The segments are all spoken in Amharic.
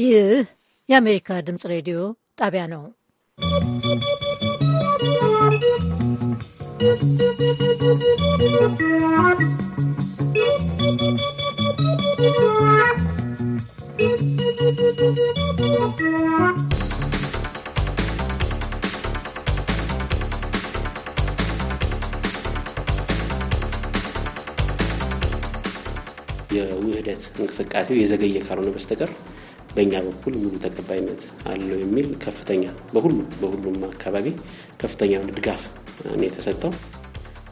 ይህ የአሜሪካ ድምፅ ሬዲዮ ጣቢያ ነው። የውህደት እንቅስቃሴው የዘገየ ካልሆነ በስተቀር በእኛ በኩል ሙሉ ተቀባይነት አለው የሚል ከፍተኛ በሁሉም በሁሉም አካባቢ ከፍተኛ ድጋፍ ነው የተሰጠው።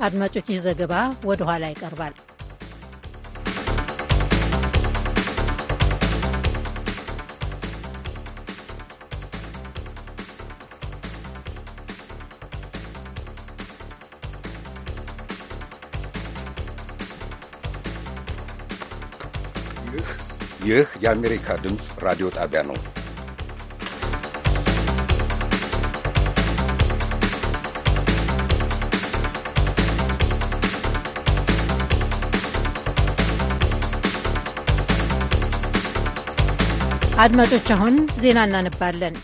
አድማጮች፣ ይህ ዘገባ ወደ ይቀርባል። ይህ የአሜሪካ ድምፅ ራዲዮ ጣቢያ ነው። አድማጮች፣ አሁን ዜና እናነባለን።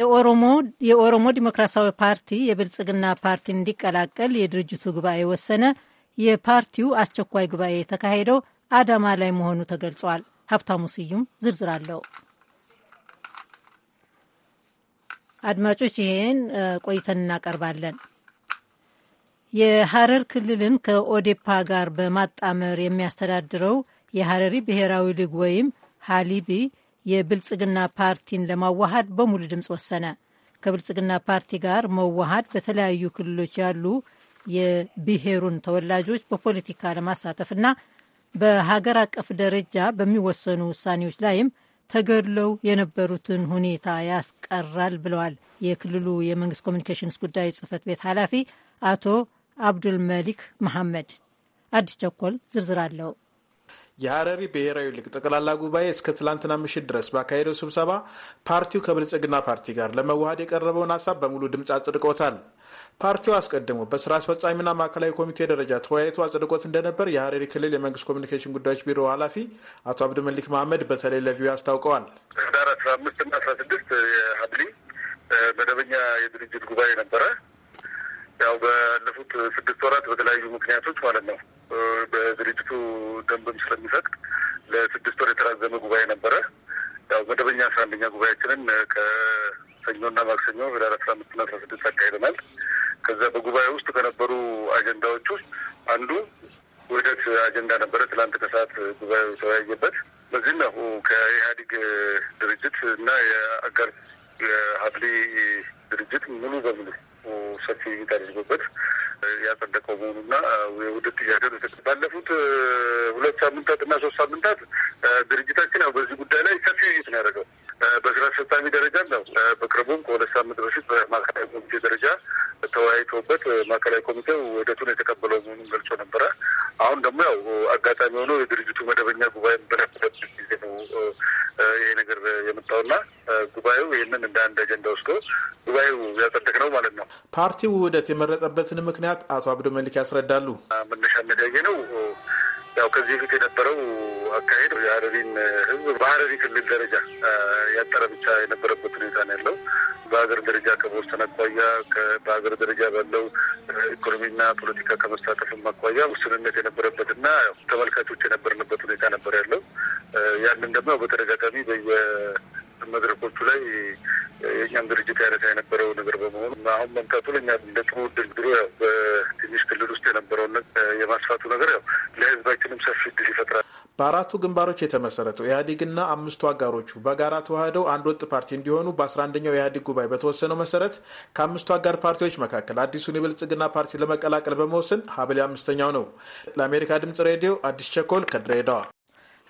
የኦሮሞ ዲሞክራሲያዊ ፓርቲ የብልጽግና ፓርቲ እንዲቀላቀል የድርጅቱ ጉባኤ ወሰነ። የፓርቲው አስቸኳይ ጉባኤ የተካሄደው አዳማ ላይ መሆኑ ተገልጿል። ሀብታሙ ስዩም ዝርዝር አለው። አድማጮች ይህን ቆይተን እናቀርባለን። የሐረር ክልልን ከኦዴፓ ጋር በማጣመር የሚያስተዳድረው የሀረሪ ብሔራዊ ሊግ ወይም ሃሊቢ የብልጽግና ፓርቲን ለማዋሃድ በሙሉ ድምፅ ወሰነ። ከብልጽግና ፓርቲ ጋር መዋሃድ በተለያዩ ክልሎች ያሉ የብሔሩን ተወላጆች በፖለቲካ ለማሳተፍና በሀገር አቀፍ ደረጃ በሚወሰኑ ውሳኔዎች ላይም ተገድለው የነበሩትን ሁኔታ ያስቀራል ብለዋል የክልሉ የመንግስት ኮሚኒኬሽንስ ጉዳይ ጽህፈት ቤት ኃላፊ አቶ አብዱል መሊክ መሐመድ። አዲስ ቸኮል ዝርዝር አለው። የሀረሪ ብሔራዊ ሊግ ጠቅላላ ጉባኤ እስከ ትላንትና ምሽት ድረስ ባካሄደው ስብሰባ ፓርቲው ከብልጽግና ፓርቲ ጋር ለመዋሃድ የቀረበውን ሀሳብ በሙሉ ድምፅ አጽድቆታል። ፓርቲው አስቀድሞ በስራ አስፈጻሚና ማዕከላዊ ኮሚቴ ደረጃ ተወያይቶ አጽድቆት እንደነበር የሀረሪ ክልል የመንግስት ኮሚኒኬሽን ጉዳዮች ቢሮ ኃላፊ አቶ አብድመሊክ መሀመድ በተለይ ለቪዮ አስታውቀዋል። ህዳር አስራ አምስት እና አስራ ስድስት የሀብሊ መደበኛ የድርጅት ጉባኤ ነበረ። ያው ባለፉት ስድስት ወራት በተለያዩ ምክንያቶች ማለት ነው በድርጅቱ ደንብም ስለሚፈቅድ ለስድስት ወር የተራዘመ ጉባኤ ነበረ። ያው መደበኛ አስራ አንደኛ ጉባኤያችንን ከሰኞና ማክሰኞ ህዳር አስራ አምስትና አስራ ስድስት አካሂደናል። ከዛ በጉባኤ ውስጥ ከነበሩ አጀንዳዎች ውስጥ አንዱ ውህደት አጀንዳ ነበረ። ትላንት ከሰዓት ጉባኤው ተወያየበት። በዚህም ያው ከኢህአዴግ ድርጅት እና የአጋር የሀብሊ ድርጅት ሙሉ በሙሉ ሰፊ ውይይት አድርጎበት ያጸደቀው መሆኑና የውህደት ጥያቄ ባለፉት ሁለት ሳምንታት እና ሶስት ሳምንታት ድርጅታችን ያው በዚህ ጉዳይ ላይ ሰፊ ውይይት ነው ያደረገው። በስራ አስፈጻሚ ደረጃ ነው። በቅርቡም ከሁለት ሳምንት በፊት በማዕከላዊ ኮሚቴ ደረጃ ተወያይቶበት ማዕከላዊ ኮሚቴው ውህደቱን የተቀበለው መሆኑን ገልጾ ነበረ። አሁን ደግሞ ያው አጋጣሚ ሆኖ የድርጅቱ መደበኛ ጉባኤ በነበረበት ጊዜ ነው ይሄ ነገር የመጣውና ጉባኤው ይህንን እንደ አንድ አጀንዳ ወስዶ ጉባኤው ያጸደቅ ነው ማለት ነው። ፓርቲው ውህደት የመረጠበትን ምክንያት አቶ አብዶ መልክ ያስረዳሉ። መነሻ ያየ ነው ያው ከዚህ በፊት የነበረው አካሄድ የሀረሪን ህዝብ በሀረሪ ክልል ደረጃ ያጠረ ብቻ የነበረበት ሁኔታ ነው ያለው። በሀገር ደረጃ ከመወሰን አኳያ በሀገር ደረጃ ባለው ኢኮኖሚና ፖለቲካ ከመሳተፍም አኳያ ውስንነት የነበረበትና ተመልካቾች የነበርንበት ሁኔታ ነበር ያለው። ያንን ደግሞ በተደጋጋሚ በየ መድረኮቹ ላይ የእኛም ድርጅት ያነሳ የነበረው ነገር በመሆኑ አሁን መምጣቱ ለእኛ እንደ ጥሩ ድል ድሮ ያው በትንሽ ክልል ውስጥ የነበረውን የማስፋቱ ነገር ያው ለህዝባችንም ሰፊ ድል ይፈጥራል። በአራቱ ግንባሮች የተመሰረተው ኢህአዴግና አምስቱ አጋሮቹ በጋራ ተዋህደው አንድ ወጥ ፓርቲ እንዲሆኑ በአስራ አንደኛው ኢህአዴግ ጉባኤ በተወሰነው መሰረት ከአምስቱ አጋር ፓርቲዎች መካከል አዲሱን የብልጽግና ፓርቲ ለመቀላቀል በመወሰን ሀብሌ አምስተኛው ነው። ለአሜሪካ ድምጽ ሬዲዮ አዲስ ቸኮል ከድሬዳዋ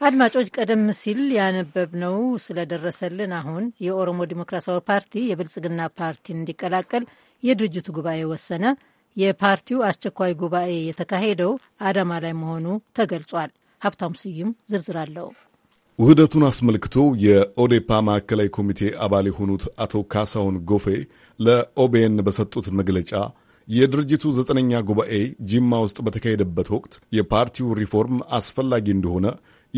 አድማጮች፣ ቀደም ሲል ያነበብነው ስለደረሰልን አሁን የኦሮሞ ዴሞክራሲያዊ ፓርቲ የብልጽግና ፓርቲን እንዲቀላቀል የድርጅቱ ጉባኤ ወሰነ። የፓርቲው አስቸኳይ ጉባኤ የተካሄደው አዳማ ላይ መሆኑ ተገልጿል። ሀብታም ስዩም ዝርዝር አለው። ውህደቱን አስመልክቶ የኦዴፓ ማዕከላዊ ኮሚቴ አባል የሆኑት አቶ ካሳሁን ጎፌ ለኦቤን በሰጡት መግለጫ የድርጅቱ ዘጠነኛ ጉባኤ ጂማ ውስጥ በተካሄደበት ወቅት የፓርቲው ሪፎርም አስፈላጊ እንደሆነ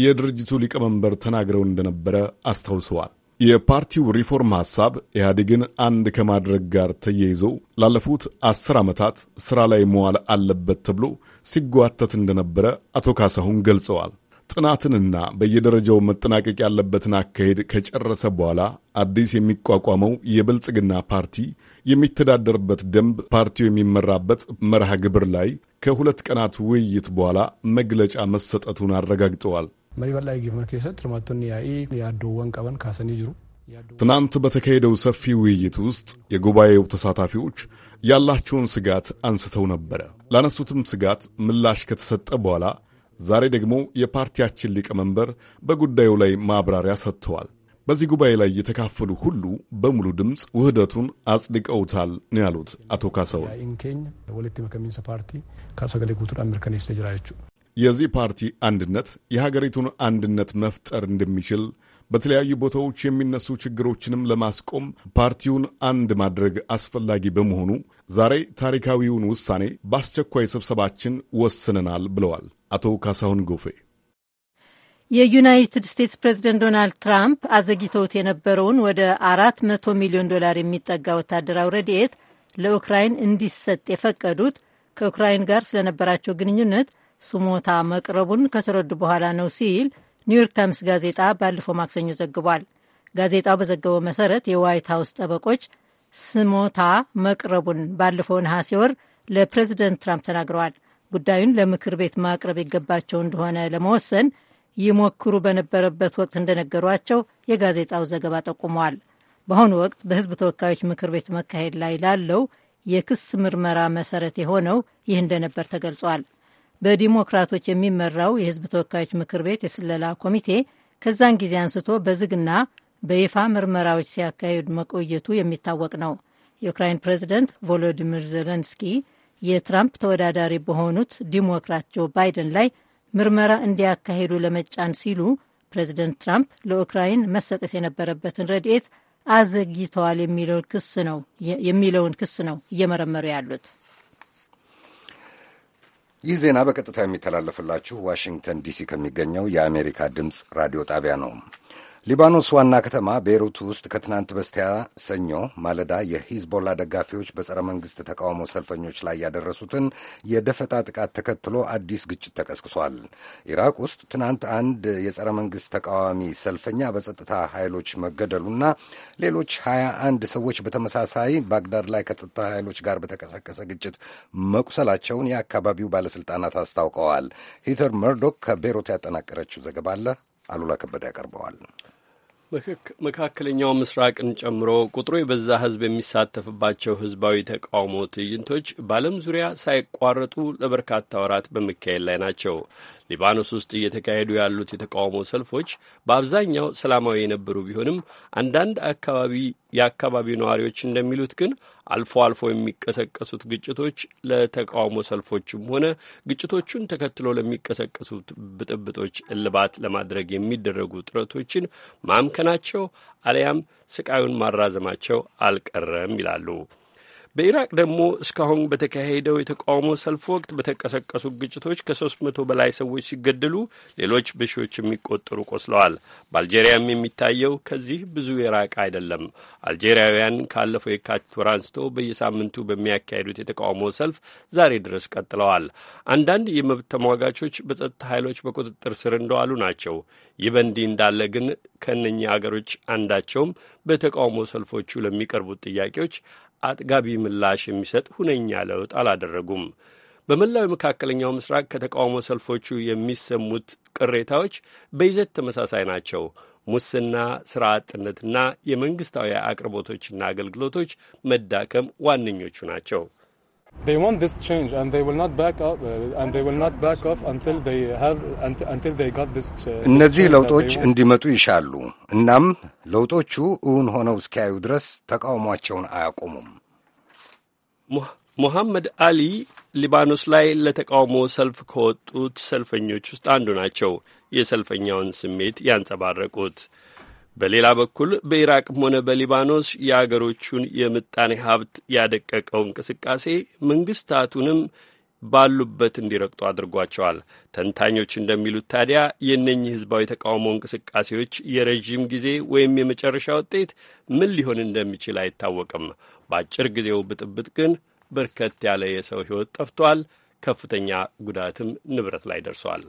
የድርጅቱ ሊቀመንበር ተናግረው እንደነበረ አስታውሰዋል። የፓርቲው ሪፎርም ሐሳብ ኢህአዴግን አንድ ከማድረግ ጋር ተያይዞ ላለፉት አስር ዓመታት ሥራ ላይ መዋል አለበት ተብሎ ሲጓተት እንደነበረ አቶ ካሳሁን ገልጸዋል። ጥናትንና በየደረጃው መጠናቀቅ ያለበትን አካሄድ ከጨረሰ በኋላ አዲስ የሚቋቋመው የብልጽግና ፓርቲ የሚተዳደርበት ደንብ ፓርቲው የሚመራበት መርሃ ግብር ላይ ከሁለት ቀናት ውይይት በኋላ መግለጫ መሰጠቱን አረጋግጠዋል። መሪ በላይ ኬሰት ርማቶን ያኢ የአዶወን ቀበን ካሰኒ ጅሩ ትናንት በተካሄደው ሰፊ ውይይት ውስጥ የጉባኤው ተሳታፊዎች ያላቸውን ስጋት አንስተው ነበረ። ላነሱትም ስጋት ምላሽ ከተሰጠ በኋላ ዛሬ ደግሞ የፓርቲያችን ሊቀመንበር በጉዳዩ ላይ ማብራሪያ ሰጥተዋል። በዚህ ጉባኤ ላይ የተካፈሉ ሁሉ በሙሉ ድምፅ ውህደቱን አጽድቀውታል ነው ያሉት አቶ ካሳውን። የዚህ ፓርቲ አንድነት የሀገሪቱን አንድነት መፍጠር እንደሚችል በተለያዩ ቦታዎች የሚነሱ ችግሮችንም ለማስቆም ፓርቲውን አንድ ማድረግ አስፈላጊ በመሆኑ ዛሬ ታሪካዊውን ውሳኔ በአስቸኳይ ስብሰባችን ወስነናል ብለዋል አቶ ካሳሁን ጎፌ። የዩናይትድ ስቴትስ ፕሬዚደንት ዶናልድ ትራምፕ አዘግይተውት የነበረውን ወደ አራት መቶ ሚሊዮን ዶላር የሚጠጋ ወታደራዊ ረድኤት ለኡክራይን እንዲሰጥ የፈቀዱት ከኡክራይን ጋር ስለነበራቸው ግንኙነት ስሞታ መቅረቡን ከተረዱ በኋላ ነው ሲል ኒውዮርክ ታይምስ ጋዜጣ ባለፈው ማክሰኞ ዘግቧል። ጋዜጣው በዘገበው መሰረት የዋይት ሀውስ ጠበቆች ስሞታ መቅረቡን ባለፈው ነሐሴ ወር ለፕሬዚደንት ትራምፕ ተናግረዋል። ጉዳዩን ለምክር ቤት ማቅረብ ይገባቸው እንደሆነ ለመወሰን ይሞክሩ በነበረበት ወቅት እንደነገሯቸው የጋዜጣው ዘገባ ጠቁመዋል። በአሁኑ ወቅት በሕዝብ ተወካዮች ምክር ቤት መካሄድ ላይ ላለው የክስ ምርመራ መሰረት የሆነው ይህ እንደነበር ተገልጿል። በዲሞክራቶች የሚመራው የህዝብ ተወካዮች ምክር ቤት የስለላ ኮሚቴ ከዛን ጊዜ አንስቶ በዝግና በይፋ ምርመራዎች ሲያካሂድ መቆየቱ የሚታወቅ ነው። የዩክራይን ፕሬዚደንት ቮሎዲሚር ዘለንስኪ የትራምፕ ተወዳዳሪ በሆኑት ዲሞክራት ጆ ባይደን ላይ ምርመራ እንዲያካሂዱ ለመጫን ሲሉ ፕሬዚደንት ትራምፕ ለኡክራይን መሰጠት የነበረበትን ረድኤት አዘግይተዋል የሚለውን ክስ ነው እየመረመሩ ያሉት። ይህ ዜና በቀጥታ የሚተላለፍላችሁ ዋሽንግተን ዲሲ ከሚገኘው የአሜሪካ ድምፅ ራዲዮ ጣቢያ ነው። ሊባኖስ ዋና ከተማ ቤይሩት ውስጥ ከትናንት በስቲያ ሰኞ ማለዳ የሂዝቦላ ደጋፊዎች በጸረ መንግሥት ተቃውሞ ሰልፈኞች ላይ ያደረሱትን የደፈጣ ጥቃት ተከትሎ አዲስ ግጭት ተቀስቅሷል። ኢራቅ ውስጥ ትናንት አንድ የጸረ መንግሥት ተቃዋሚ ሰልፈኛ በጸጥታ ኃይሎች መገደሉና ሌሎች ሀያ አንድ ሰዎች በተመሳሳይ ባግዳድ ላይ ከጸጥታ ኃይሎች ጋር በተቀሰቀሰ ግጭት መቁሰላቸውን የአካባቢው ባለሥልጣናት አስታውቀዋል። ሂተር መርዶክ ከቤይሩት ያጠናቀረችው ዘገባ አለ አሉላ ከበደ ያቀርበዋል። መካከለኛው ምስራቅን ጨምሮ ቁጥሩ የበዛ ህዝብ የሚሳተፍባቸው ህዝባዊ ተቃውሞ ትዕይንቶች በዓለም ዙሪያ ሳይቋረጡ ለበርካታ ወራት በመካሄድ ላይ ናቸው። ሊባኖስ ውስጥ እየተካሄዱ ያሉት የተቃውሞ ሰልፎች በአብዛኛው ሰላማዊ የነበሩ ቢሆንም አንዳንድ አካባቢ የአካባቢው ነዋሪዎች እንደሚሉት ግን አልፎ አልፎ የሚቀሰቀሱት ግጭቶች ለተቃውሞ ሰልፎችም ሆነ ግጭቶቹን ተከትሎ ለሚቀሰቀሱት ብጥብጦች እልባት ለማድረግ የሚደረጉ ጥረቶችን ማምከናቸው አሊያም ስቃዩን ማራዘማቸው አልቀረም ይላሉ። በኢራቅ ደግሞ እስካሁን በተካሄደው የተቃውሞ ሰልፍ ወቅት በተቀሰቀሱ ግጭቶች ከሶስት መቶ በላይ ሰዎች ሲገደሉ ሌሎች በሺዎች የሚቆጠሩ ቆስለዋል። በአልጄሪያም የሚታየው ከዚህ ብዙ የራቀ አይደለም። አልጄሪያውያን ካለፈው የካቲት ወር አንስቶ በየሳምንቱ በሚያካሄዱት የተቃውሞ ሰልፍ ዛሬ ድረስ ቀጥለዋል። አንዳንድ የመብት ተሟጋቾች በጸጥታ ኃይሎች በቁጥጥር ስር እንደዋሉ ናቸው። ይህ በእንዲህ እንዳለ ግን ከነኛ አገሮች አንዳቸውም በተቃውሞ ሰልፎቹ ለሚቀርቡት ጥያቄዎች አጥጋቢ ምላሽ የሚሰጥ ሁነኛ ለውጥ አላደረጉም። በመላው የመካከለኛው ምስራቅ ከተቃውሞ ሰልፎቹ የሚሰሙት ቅሬታዎች በይዘት ተመሳሳይ ናቸው። ሙስና፣ ስራ አጥነትና የመንግስታዊ አቅርቦቶችና አገልግሎቶች መዳከም ዋነኞቹ ናቸው። They want this change and they will not back up uh, and they will not back off until they have until they got this uh, እነዚህ ለውጦች እንዲመጡ ይሻሉ። እናም ለውጦቹ እውን ሆነው እስኪያዩ ድረስ ተቃውሟቸውን አያቆሙም። ሙሐመድ አሊ ሊባኖስ ላይ ለተቃውሞ ሰልፍ ከወጡት ሰልፈኞች ውስጥ አንዱ ናቸው። የሰልፈኛውን ስሜት ያንጸባረቁት በሌላ በኩል በኢራቅም ሆነ በሊባኖስ የአገሮቹን የምጣኔ ሀብት ያደቀቀው እንቅስቃሴ መንግስታቱንም ባሉበት እንዲረግጡ አድርጓቸዋል። ተንታኞች እንደሚሉት ታዲያ የእነኚህ ህዝባዊ ተቃውሞ እንቅስቃሴዎች የረዥም ጊዜ ወይም የመጨረሻ ውጤት ምን ሊሆን እንደሚችል አይታወቅም። በአጭር ጊዜው ብጥብጥ ግን በርከት ያለ የሰው ህይወት ጠፍቷል። ከፍተኛ ጉዳትም ንብረት ላይ ደርሷል።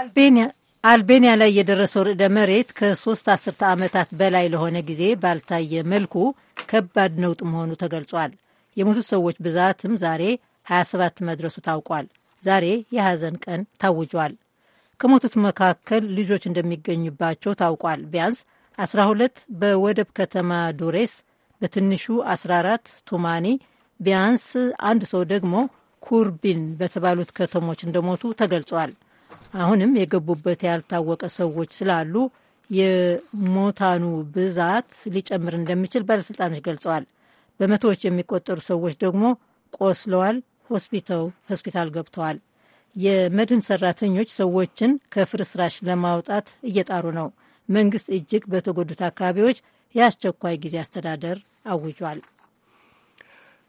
አልቤኒያ አልቤኒያ ላይ የደረሰው ርዕደ መሬት ከሶስት አስርተ ዓመታት በላይ ለሆነ ጊዜ ባልታየ መልኩ ከባድ ነውጥ መሆኑ ተገልጿል። የሞቱት ሰዎች ብዛትም ዛሬ 27 መድረሱ ታውቋል። ዛሬ የሐዘን ቀን ታውጇል። ከሞቱት መካከል ልጆች እንደሚገኙባቸው ታውቋል። ቢያንስ 12 በወደብ ከተማ ዱሬስ፣ በትንሹ 14 ቱማኒ፣ ቢያንስ አንድ ሰው ደግሞ ኩርቢን በተባሉት ከተሞች እንደሞቱ ተገልጿል። አሁንም የገቡበት ያልታወቀ ሰዎች ስላሉ የሞታኑ ብዛት ሊጨምር እንደሚችል ባለሥልጣኖች ገልጸዋል። በመቶዎች የሚቆጠሩ ሰዎች ደግሞ ቆስለዋል፣ ሆስፒታል ገብተዋል። የመድህን ሰራተኞች ሰዎችን ከፍርስራሽ ለማውጣት እየጣሩ ነው። መንግስት እጅግ በተጎዱት አካባቢዎች የአስቸኳይ ጊዜ አስተዳደር አውጇል።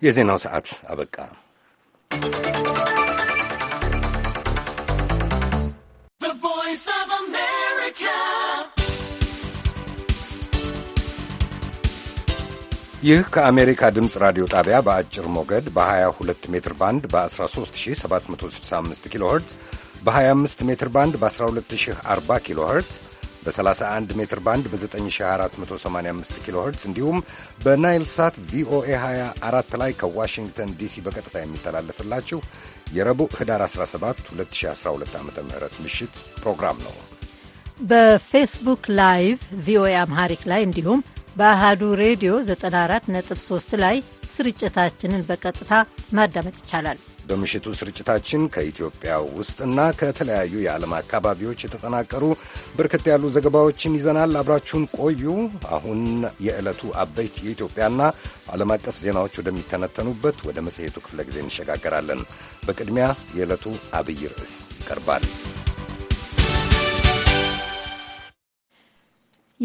የዜናው ሰዓት አበቃ። ይህ ከአሜሪካ ድምፅ ራዲዮ ጣቢያ በአጭር ሞገድ በ22 ሜትር ባንድ በ13765 ኪሎ ኸርትዝ በ25 ሜትር ባንድ በ 1240 ኪሎ ኸርትዝ በ31 ሜትር ባንድ በ9485 ኪሎ ኸርትዝ እንዲሁም በናይል ሳት ቪኦኤ 24 ላይ ከዋሽንግተን ዲሲ በቀጥታ የሚተላለፍላችሁ የረቡዕ ህዳር 17 2012 ዓ ም ምሽት ፕሮግራም ነው። በፌስቡክ ላይቭ ቪኦኤ አምሃሪክ ላይ እንዲሁም በአሃዱ ሬዲዮ 94.3 ላይ ስርጭታችንን በቀጥታ ማዳመጥ ይቻላል። በምሽቱ ስርጭታችን ከኢትዮጵያ ውስጥና ከተለያዩ የዓለም አካባቢዎች የተጠናቀሩ በርከት ያሉ ዘገባዎችን ይዘናል። አብራችሁን ቆዩ። አሁን የዕለቱ አበይት የኢትዮጵያና ዓለም አቀፍ ዜናዎች ወደሚተነተኑበት ወደ መጽሔቱ ክፍለ ጊዜ እንሸጋገራለን። በቅድሚያ የዕለቱ አብይ ርዕስ ይቀርባል።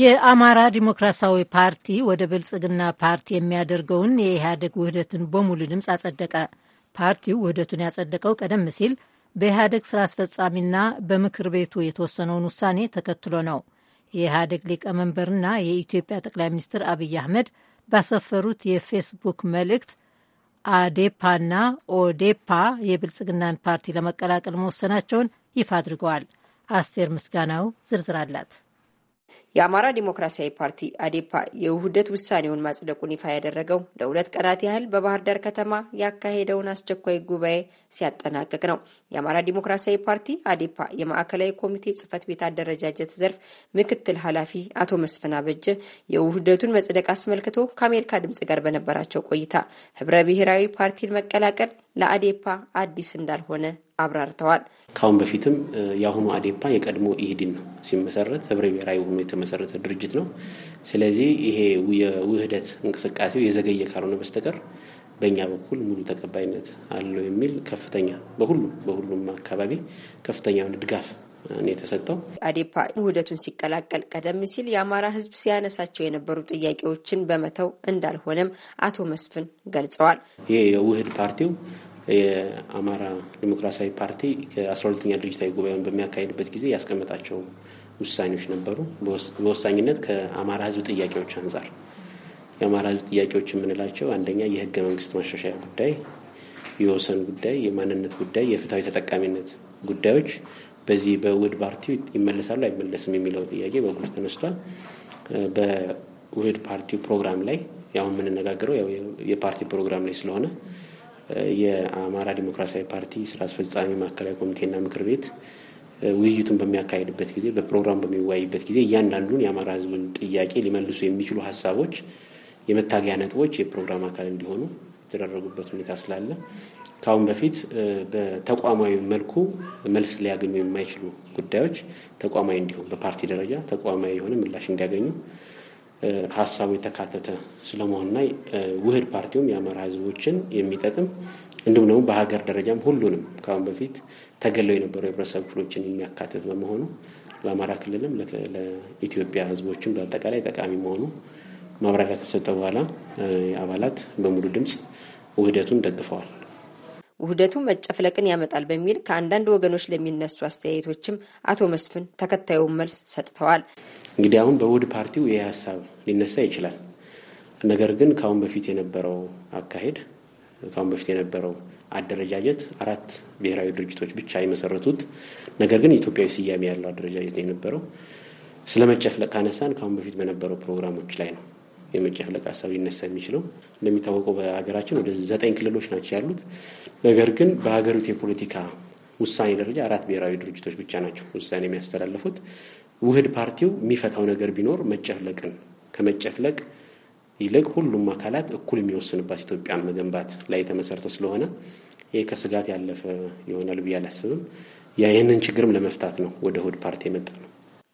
የአማራ ዲሞክራሲያዊ ፓርቲ ወደ ብልጽግና ፓርቲ የሚያደርገውን የኢህአደግ ውህደትን በሙሉ ድምፅ አጸደቀ። ፓርቲው ውህደቱን ያጸደቀው ቀደም ሲል በኢህአደግ ስራ አስፈጻሚና በምክር ቤቱ የተወሰነውን ውሳኔ ተከትሎ ነው። የኢህአደግ ሊቀመንበርና የኢትዮጵያ ጠቅላይ ሚኒስትር አብይ አህመድ ባሰፈሩት የፌስቡክ መልእክት አዴፓና ኦዴፓ የብልጽግናን ፓርቲ ለመቀላቀል መወሰናቸውን ይፋ አድርገዋል። አስቴር ምስጋናው ዝርዝር አላት። የአማራ ዲሞክራሲያዊ ፓርቲ አዴፓ የውህደት ውሳኔውን ማጽደቁን ይፋ ያደረገው ለሁለት ቀናት ያህል በባህር ዳር ከተማ ያካሄደውን አስቸኳይ ጉባኤ ሲያጠናቅቅ ነው። የአማራ ዲሞክራሲያዊ ፓርቲ አዴፓ የማዕከላዊ ኮሚቴ ጽህፈት ቤት አደረጃጀት ዘርፍ ምክትል ኃላፊ አቶ መስፍን አበጀ የውህደቱን መጽደቅ አስመልክቶ ከአሜሪካ ድምጽ ጋር በነበራቸው ቆይታ ህብረ ብሔራዊ ፓርቲን መቀላቀል ለአዴፓ አዲስ እንዳልሆነ አብራርተዋል። ከአሁን በፊትም የአሁኑ አዴፓ የቀድሞ ኢህዲን ነው ሲመሰረት ህብረ ብሔራዊ ሆኖ የተመሰረተ ድርጅት ነው። ስለዚህ ይሄ የውህደት እንቅስቃሴው የዘገየ ካልሆነ በስተቀር በእኛ በኩል ሙሉ ተቀባይነት አለው የሚል ከፍተኛ በሁሉም በሁሉም አካባቢ ከፍተኛ ድጋፍ የተሰጠው። አዴፓ ውህደቱን ሲቀላቀል ቀደም ሲል የአማራ ህዝብ ሲያነሳቸው የነበሩ ጥያቄዎችን በመተው እንዳልሆነም አቶ መስፍን ገልጸዋል። ይህ የውህድ ፓርቲው የአማራ ዲሞክራሲያዊ ፓርቲ ከ12ኛ ድርጅታዊ ጉባኤውን በሚያካሄድበት ጊዜ ያስቀመጣቸው ውሳኔዎች ነበሩ። በወሳኝነት ከአማራ ህዝብ ጥያቄዎች አንጻር የአማራ ህዝብ ጥያቄዎች የምንላቸው አንደኛ የህገ መንግስት ማሻሻያ ጉዳይ የወሰን ጉዳይ፣ የማንነት ጉዳይ፣ የፍትሐዊ ተጠቃሚነት ጉዳዮች በዚህ በውህድ ፓርቲው ይመለሳሉ አይመለስም የሚለው ጥያቄ በጉልህ ተነስቷል። በውህድ ፓርቲው ፕሮግራም ላይ አሁን የምንነጋገረው የፓርቲ ፕሮግራም ላይ ስለሆነ የአማራ ዲሞክራሲያዊ ፓርቲ ስራ አስፈጻሚ ማዕከላዊ ኮሚቴና ምክር ቤት ውይይቱን በሚያካሄድበት ጊዜ በፕሮግራም በሚወያይበት ጊዜ እያንዳንዱን የአማራ ሕዝብን ጥያቄ ሊመልሱ የሚችሉ ሀሳቦች፣ የመታገያ ነጥቦች የፕሮግራም አካል እንዲሆኑ የተደረጉበት ሁኔታ ስላለ ከአሁን በፊት በተቋማዊ መልኩ መልስ ሊያገኙ የማይችሉ ጉዳዮች ተቋማዊ እንዲሆን በፓርቲ ደረጃ ተቋማዊ የሆነ ምላሽ እንዲያገኙ ሀሳቡ የተካተተ ስለመሆኑና ውህድ ፓርቲውም የአማራ ህዝቦችን የሚጠቅም እንዲሁም ደግሞ በሀገር ደረጃም ሁሉንም ከአሁን በፊት ተገለው የነበሩ የህብረተሰብ ክፍሎችን የሚያካትት በመሆኑ ለአማራ ክልልም ለኢትዮጵያ ህዝቦችን በአጠቃላይ ጠቃሚ መሆኑ ማብራሪያ ከተሰጠ በኋላ አባላት በሙሉ ድምፅ ውህደቱን ደግፈዋል። ውህደቱ መጨፍለቅን ያመጣል በሚል ከአንዳንድ ወገኖች ለሚነሱ አስተያየቶችም አቶ መስፍን ተከታዩን መልስ ሰጥተዋል። እንግዲህ አሁን በውህድ ፓርቲው ይህ ሀሳብ ሊነሳ ይችላል። ነገር ግን ከአሁን በፊት የነበረው አካሄድ ከአሁን በፊት የነበረው አደረጃጀት አራት ብሔራዊ ድርጅቶች ብቻ የመሰረቱት ነገር ግን ኢትዮጵያዊ ስያሜ ያለው አደረጃጀት ነው የነበረው። ስለ መጨፍለቅ ካነሳን ከአሁን በፊት በነበረው ፕሮግራሞች ላይ ነው የመጨፍለቅ ሀሳብ ሊነሳ የሚችለው እንደሚታወቀው በሀገራችን ወደ ዘጠኝ ክልሎች ናቸው ያሉት። ነገር ግን በሀገሪቱ የፖለቲካ ውሳኔ ደረጃ አራት ብሔራዊ ድርጅቶች ብቻ ናቸው ውሳኔ የሚያስተላለፉት። ውህድ ፓርቲው የሚፈታው ነገር ቢኖር መጨፍለቅን ከመጨፍለቅ ይልቅ ሁሉም አካላት እኩል የሚወስንባት ኢትዮጵያን መገንባት ላይ የተመሰረተ ስለሆነ ይህ ከስጋት ያለፈ ይሆናል ብዬ አላስብም። ያ ይህንን ችግርም ለመፍታት ነው ወደ ውህድ ፓርቲ የመጣ ነው።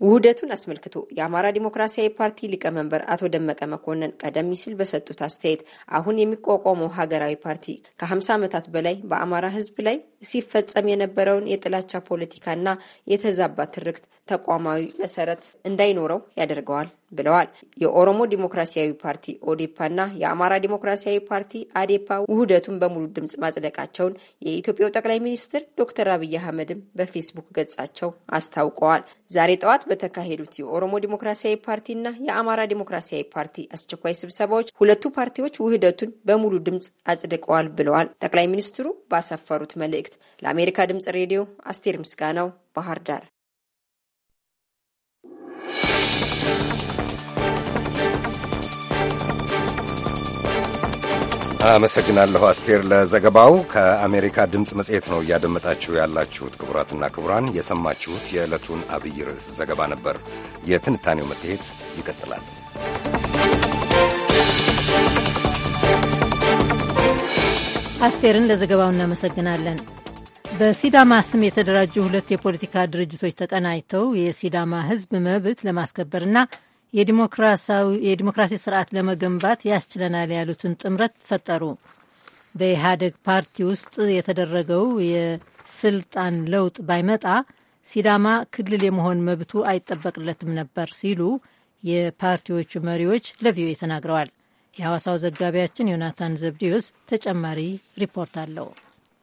ውህደቱን አስመልክቶ የአማራ ዲሞክራሲያዊ ፓርቲ ሊቀመንበር አቶ ደመቀ መኮንን ቀደም ሲል በሰጡት አስተያየት አሁን የሚቋቋመው ሀገራዊ ፓርቲ ከ50 ዓመታት በላይ በአማራ ሕዝብ ላይ ሲፈጸም የነበረውን የጥላቻ ፖለቲካና የተዛባ ትርክት ተቋማዊ መሰረት እንዳይኖረው ያደርገዋል ብለዋል። የኦሮሞ ዲሞክራሲያዊ ፓርቲ ኦዴፓና የአማራ ዲሞክራሲያዊ ፓርቲ አዴፓ ውህደቱን በሙሉ ድምፅ ማጽደቃቸውን የኢትዮጵያው ጠቅላይ ሚኒስትር ዶክተር አብይ አህመድም በፌስቡክ ገጻቸው አስታውቀዋል። ዛሬ ጠዋት በተካሄዱት የኦሮሞ ዲሞክራሲያዊ ፓርቲና የአማራ ዲሞክራሲያዊ ፓርቲ አስቸኳይ ስብሰባዎች ሁለቱ ፓርቲዎች ውህደቱን በሙሉ ድምፅ አጽድቀዋል ብለዋል። ጠቅላይ ሚኒስትሩ ባሰፈሩት መልእክት መልእክት ለአሜሪካ ድምፅ ሬዲዮ አስቴር ምስጋናው ባህር ዳር። አመሰግናለሁ አስቴር ለዘገባው። ከአሜሪካ ድምፅ መጽሔት ነው እያደመጣችሁ ያላችሁት። ክቡራትና ክቡራን የሰማችሁት የዕለቱን አብይ ርዕስ ዘገባ ነበር። የትንታኔው መጽሔት ይቀጥላል። አስቴርን ለዘገባው እናመሰግናለን። በሲዳማ ስም የተደራጁ ሁለት የፖለቲካ ድርጅቶች ተቀናጅተው የሲዳማ ሕዝብ መብት ለማስከበርና የዲሞክራሲ ስርዓት ለመገንባት ያስችለናል ያሉትን ጥምረት ፈጠሩ። በኢህአደግ ፓርቲ ውስጥ የተደረገው የስልጣን ለውጥ ባይመጣ ሲዳማ ክልል የመሆን መብቱ አይጠበቅለትም ነበር ሲሉ የፓርቲዎቹ መሪዎች ለቪኦኤ ተናግረዋል። የሐዋሳው ዘጋቢያችን ዮናታን ዘብዲዮስ ተጨማሪ ሪፖርት አለው።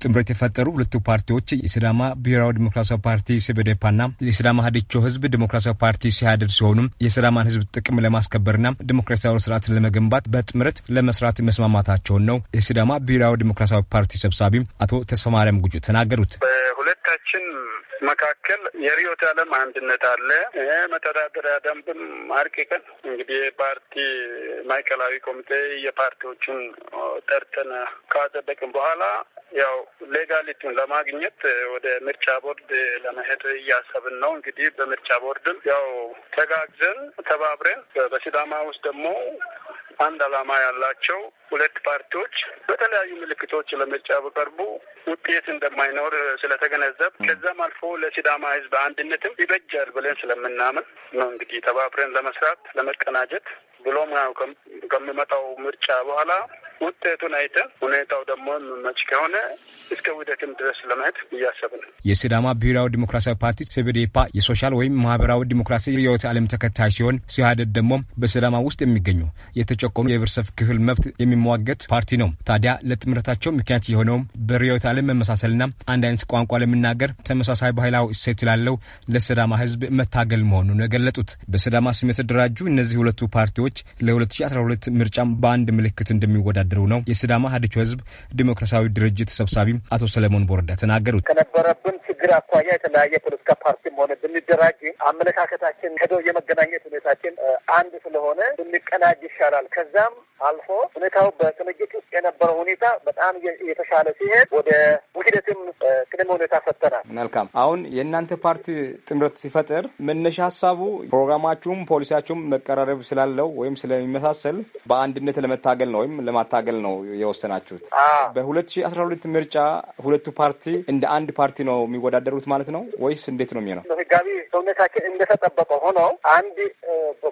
ጥምረት የፈጠሩ ሁለቱ ፓርቲዎች የሲዳማ ብሔራዊ ዲሞክራሲያዊ ፓርቲ ሲቪዴፓና የሲዳማ ሀዲቾ ህዝብ ዲሞክራሲያዊ ፓርቲ ሲያድር ሲሆኑ የሲዳማን ህዝብ ጥቅም ለማስከበርና ዲሞክራሲያዊ ስርዓትን ለመገንባት በጥምረት ለመስራት መስማማታቸውን ነው የሲዳማ ብሔራዊ ዲሞክራሲያዊ ፓርቲ ሰብሳቢ አቶ ተስፋ ማርያም ጉጁ ተናገሩት። በሁለታችን መካከል የርዕዮተ ዓለም አንድነት አለ። መተዳደሪያ ደንብም አርቅቀን እንግዲህ የፓርቲ ማዕከላዊ ኮሚቴ የፓርቲዎችን ጠርተን ካጸደቅን በኋላ ያው ሌጋሊቲውን ለማግኘት ወደ ምርጫ ቦርድ ለመሄድ እያሰብን ነው። እንግዲህ በምርጫ ቦርድም ያው ተጋግዘን ተባብረን በሲዳማ ውስጥ ደግሞ አንድ ዓላማ ያላቸው ሁለት ፓርቲዎች በተለያዩ ምልክቶች ለምርጫ በቀርቡ ውጤት እንደማይኖር ስለተገነዘብ ከዛም አልፎ ለሲዳማ ሕዝብ አንድነትም ይበጃል ብለን ስለምናምን ነው እንግዲህ ተባብረን ለመስራት ለመቀናጀት ብሎም ያው ከሚመጣው ምርጫ በኋላ ውጤቱን አይተ ሁኔታው ደግሞ የሚመች ከሆነ እስከ ውህደትም ድረስ ለማየት እያሰብ ነው። የሲዳማ ብሔራዊ ዲሞክራሲያዊ ፓርቲ ሲቪዴፓ የሶሻል ወይም ማህበራዊ ዲሞክራሲ ርዕዮተ ዓለም ተከታይ ሲሆን ሲሃደድ ደግሞ በሲዳማ ውስጥ የሚገኙ የተጨቆኑ የህብረተሰብ ክፍል መብት የሚሟገት ፓርቲ ነው። ታዲያ ለጥምረታቸው ምክንያት የሆነውም በርዕዮተ ዓለም መመሳሰልና አንድ አይነት ቋንቋ ለመናገር ተመሳሳይ ባህላዊ እሴት ላለው ለሲዳማ ህዝብ መታገል መሆኑን የገለጡት በሲዳማ ስም የተደራጁ እነዚህ ሁለቱ ፓርቲዎች ፓርቲዎች ለ2012 ምርጫም በአንድ ምልክት እንደሚወዳደሩ ነው የስዳማ ሀዲቾ ህዝብ ዲሞክራሲያዊ ድርጅት ሰብሳቢ አቶ ሰለሞን ቦርዳ ተናገሩት። ከነበረብን ችግር አኳያ የተለያየ ፖለቲካ ፓርቲም ሆነ ብንደራጅ አመለካከታችን ሄዶ የመገናኘት ሁኔታችን አንድ ስለሆነ ብንቀናጅ ይሻላል ከዛም አልፎ ሁኔታው በቅንጅት ውስጥ የነበረው ሁኔታ በጣም የተሻለ ሲሄድ ወደ ውህደትም ቅድመ ሁኔታ ፈተናል። መልካም። አሁን የእናንተ ፓርቲ ጥምረት ሲፈጥር መነሻ ሀሳቡ ፕሮግራማችሁም ፖሊሲያችሁም መቀራረብ ስላለው ወይም ስለሚመሳሰል በአንድነት ለመታገል ነው ወይም ለማታገል ነው የወሰናችሁት። በሁለት ሺ አስራ ሁለት ምርጫ ሁለቱ ፓርቲ እንደ አንድ ፓርቲ ነው የሚወዳደሩት ማለት ነው ወይስ እንዴት ነው የሚሆነው? ህጋቢ ሰውነታችን እንደተጠበቀ ሆኖ አንድ